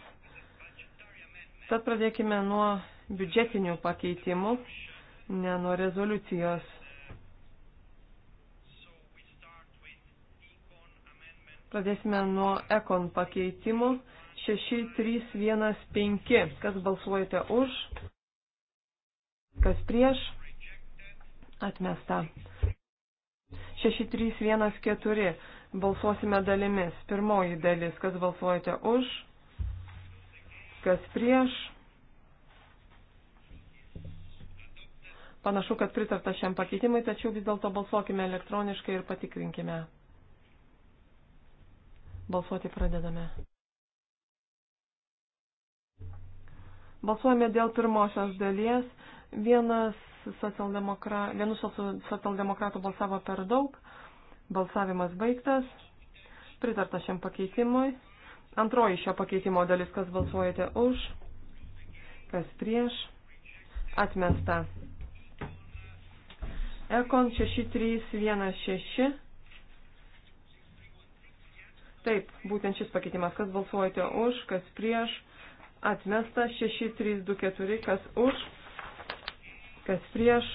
Tad pradėkime nuo biudžetinių pakeitimų ne nuo rezoliucijos. Pradėsime nuo ekon pakeitimų 6315. Kas balsuojate už? Kas prieš? Atmesta. 6314. Balsuosime dalimis. Pirmoji dalis. Kas balsuojate už? Kas prieš? Panašu, kad pritarta šiam pakeitimui, tačiau vis dėlto balsuokime elektroniškai ir patikrinkime. Balsuoti pradedame. Balsuojame dėl pirmosios dalies. Vienas socialdemokra... Vienu socialdemokratų balsavo per daug. Balsavimas baigtas. Pritarta šiam pakeitimui. Antroji šio pakeitimo dalis, kas balsuojate už, kas prieš. Atmesta. Ekon 6316. Taip, būtent šis pakeitimas. Kas balsuojate už, kas prieš. Atmesta 6324. Kas už, kas prieš.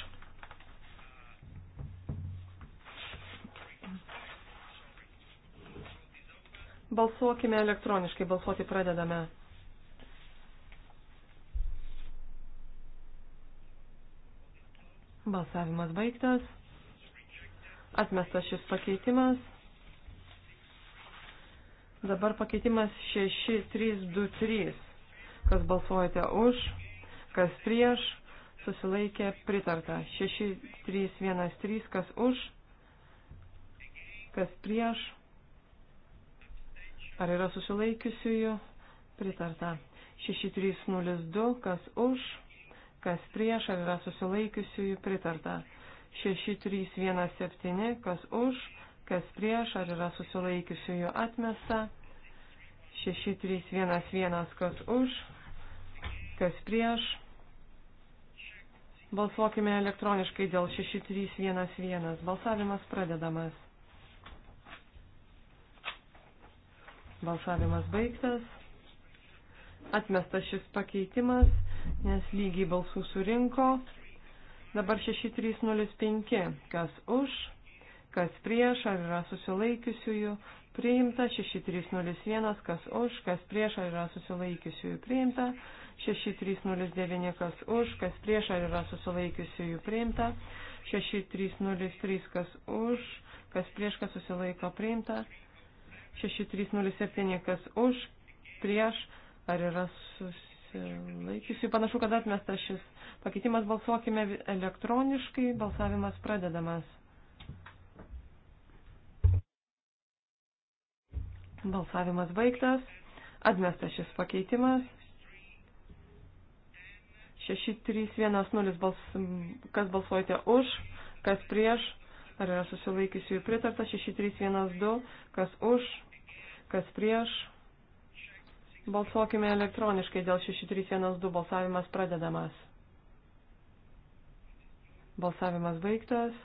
Balsuokime elektroniškai. Balsuoti pradedame. Balsavimas baigtas. Atmestas šis pakeitimas. Dabar pakeitimas 6323. Kas balsuojate už, kas prieš, susilaikė pritarta. 6313, kas už, kas prieš. Ar yra susilaikiusiųjų? Pritarta. 6302, kas už kas prieš, ar yra susilaikiusiųjų pritarta. 6317, kas už, kas prieš, ar yra susilaikiusiųjų atmesta. 6311, kas už, kas prieš. Balsuokime elektroniškai dėl 6311. Balsavimas pradedamas. Balsavimas baigtas. Atmestas šis pakeitimas nes lygiai balsų surinko. Dabar 6305, kas už, kas prieš, ar yra susilaikiusiųjų, priimta 6301, kas už, kas prieš, ar yra susilaikiusiųjų, priimta 6309, kas už, kas prieš, ar yra susilaikiusiųjų, priimta 6303, kas už, kas prieš, kas susilaiko, priimta 6307, kas už, prieš, ar yra susilaikiusiųjų susilaikysiu. Panašu, kad atmestas šis pakeitimas. Balsuokime elektroniškai. Balsavimas pradedamas. Balsavimas baigtas. Atmestas šis pakeitimas. 6310 bals, kas balsuojate už, kas prieš, ar yra susilaikysiu į pritartą, 6312, kas už, kas prieš, Balsuokime elektroniškai dėl 6312 balsavimas pradedamas. Balsavimas baigtas.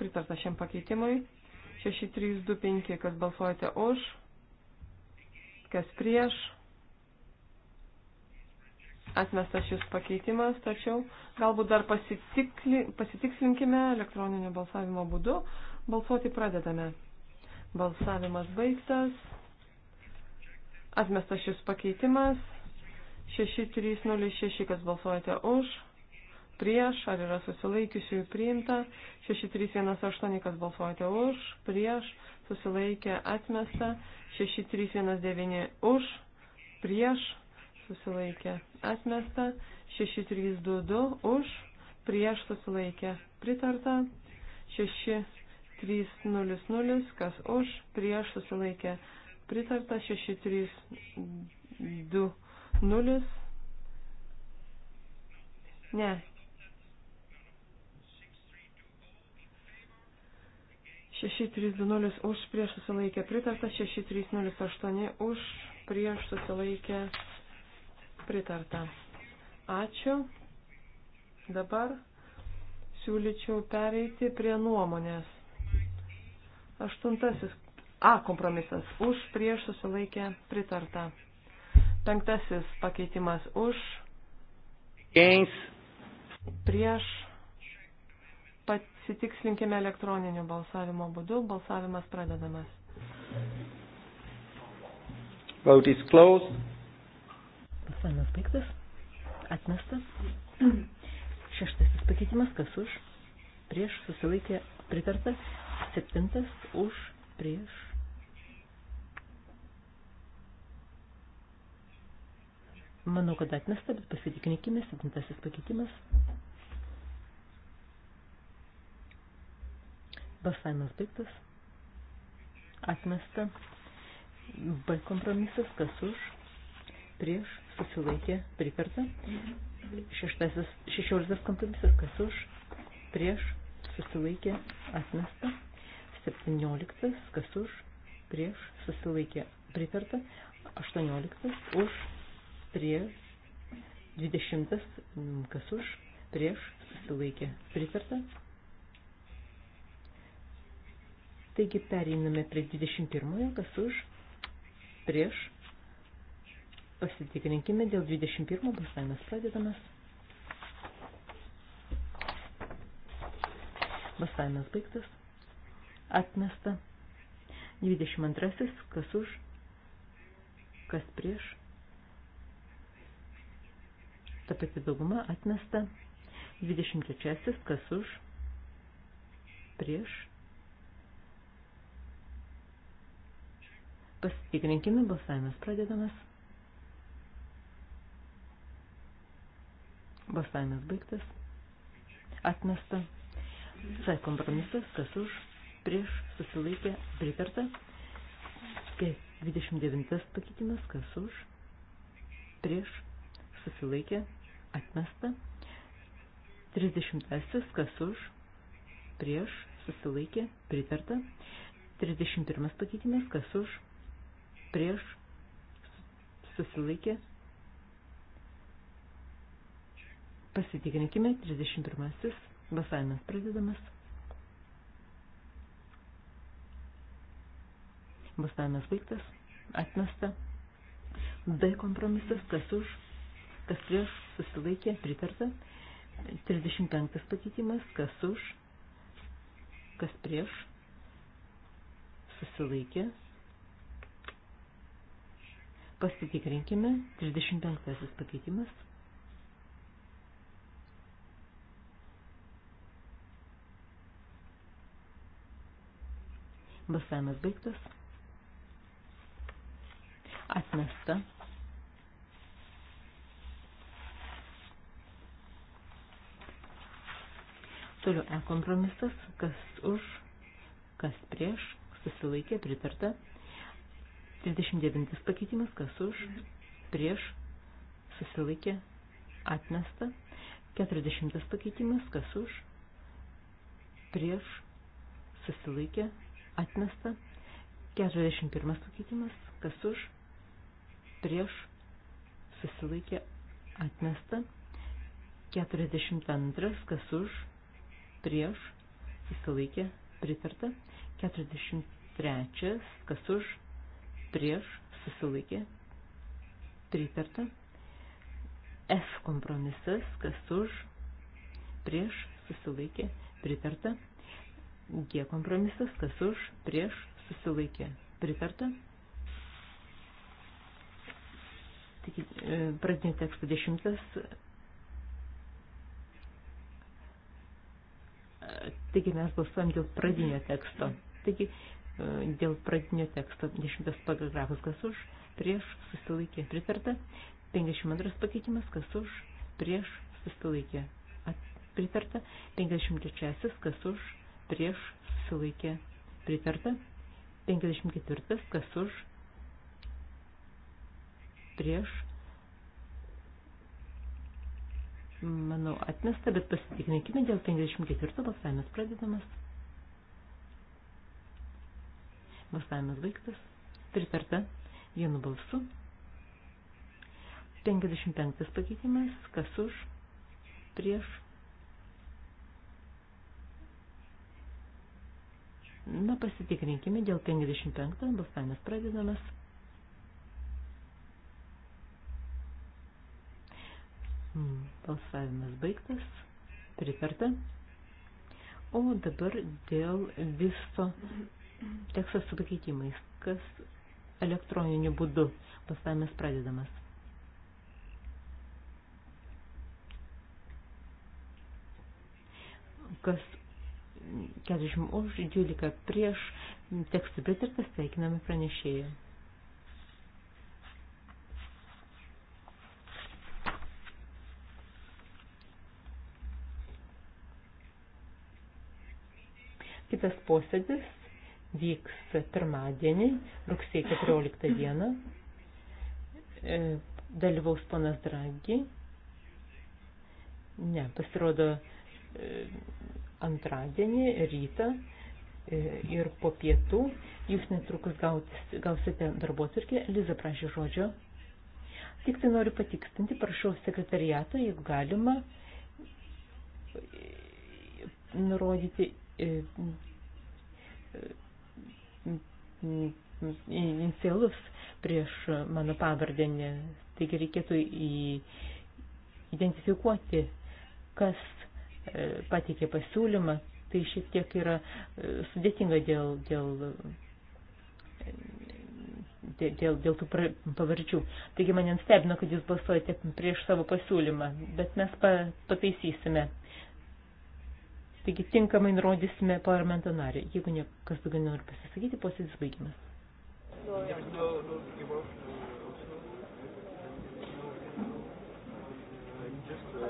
Pritarta šiam pakeitimui. 6325, kas balsuojate už, kas prieš. Atmestas šis pakeitimas, tačiau galbūt dar pasitikslinkime elektroninio balsavimo būdu. Balsuoti pradedame. Balsavimas baigtas. Atmestas šis pakeitimas. 6306, kas balsuojate už, prieš, ar yra susilaikiusiųjų priimta. 6318, kas balsuojate už, prieš, susilaikė, atmesta. 6319 už, prieš, susilaikė, atmesta. 6322 už, prieš, susilaikė, pritarta. 6300, kas už, prieš, susilaikė, atmesta pritarta 6320. Ne. 6320 už prieš susilaikę pritarta, 6308 už prieš susilaikę pritarta. Ačiū. Dabar siūlyčiau pereiti prie nuomonės. Aštuntasis A kompromisas už, prieš susilaikė, pritarta. Penktasis pakeitimas už, Against. prieš, pasitikslinkime elektroniniu balsavimo būdu, balsavimas pradedamas. Vote is closed. Balsavimas baigtas, atmestas. Šeštasis pakeitimas, kas už, prieš susilaikė, pritarta, septintas už, prieš Manau, kad atmesta, bet pasitikrinkime. Septintasis pakeitimas. Balsavimas baigtas. Atmesta. B kompromisas, kas už, prieš, susilaikė, pritarta. Šeštasis, šešioliktas kompromisas, kas už, prieš, susilaikė, atmesta. Septynioliktas, kas už, prieš, susilaikė, pritarta. Aštuonioliktas, už, prieš, 20 mm, kas už, prieš, susilaikė, pritarta. Taigi pereiname prie 21, kas už, prieš, pasitikrinkime dėl 21, balsavimas pradedamas. Balsavimas baigtas, atmesta, 22, kas už, kas prieš, ta pati dauguma atmesta. 23. Kas už? Prieš. Pasitikrinkime, balsavimas pradedamas. Balsavimas baigtas. Atmesta. C kompromisas, kas už, prieš, susilaikė, pritarta. 29 pakeitimas, kas už, prieš, susilaikė, atmesta. 30 kas už, prieš, susilaikė, pritarta. 31 pakeitimas kas už, prieš, susilaikė. Pasitikrinkime, 31 basavimas pradedamas. Basavimas baigtas, atmesta. D kompromisas, kas už, kas prieš susilaikė, pritarta. 35 pakeitimas, kas už, kas prieš susilaikė. Pasitikrinkime, 35 pakeitimas. Balsavimas baigtas. Atmesta. Toliau E kompromisas, kas už, kas prieš, susilaikė, pritarta. 39 pakeitimas, kas už, prieš, susilaikė, atmesta. 40 pakeitimas, kas už, prieš, susilaikė, atmesta. 41 pakeitimas, kas už, prieš, susilaikė, atmesta. 42, kas už, prieš, susilaikė, pritarta. 43, kas už, prieš, susilaikė, pritarta. F kompromisas, kas už, prieš, susilaikė, pritarta. G kompromisas, kas už, prieš, susilaikė, pritarta. E, pradinė teksto dešimtas Taigi mes balsuojam dėl pradinio teksto. Taigi e, dėl pradinio teksto 10 paragrafas kas už, prieš susilaikė pritarta, 52 pakeitimas kas už, prieš susilaikė pritarta, 53 kas už, prieš susilaikė pritarta, 54 kas už, prieš manau, atmesta, bet pasitikrinkime dėl 54 balsavimas pradedamas. Balsavimas baigtas. Pritarta vienu balsu. 55 pakeitimas, kas už, prieš. Na, pasitikrinkime dėl 55 balsavimas pradedamas. Balsavimas baigtas. Pritarta. O dabar dėl viso teksto su pakeitimais, kas elektroniniu būdu balsavimas pradedamas. Kas 40 už, 12 prieš, tekstų pritartas, sveikiname pranešėjai. Kitas posėdis vyks pirmadienį, rugsėjo 14 dieną. E, dalyvaus ponas Dragi. Ne, pasirodo e, antradienį rytą e, ir po pietų. Jūs netrukus gausite darbo atvirkį. Liza prašė žodžio. Tik tai noriu patikstinti, prašau sekretariato, jeigu galima, nurodyti inicialus prieš mano pavardę, taigi reikėtų į, identifikuoti, kas e, pateikė pasiūlymą, tai šiek tiek yra e, sudėtinga dėl, dėl, dėl, dėl tų pavardžių. Taigi mane stebino, kad jūs balsuojate prieš savo pasiūlymą, bet mes pataisysime. Taigi tinkamai nurodysime parlamento narį. Jeigu niekas daugiau nenori pasisakyti, posėdis baigimas. No, no, no,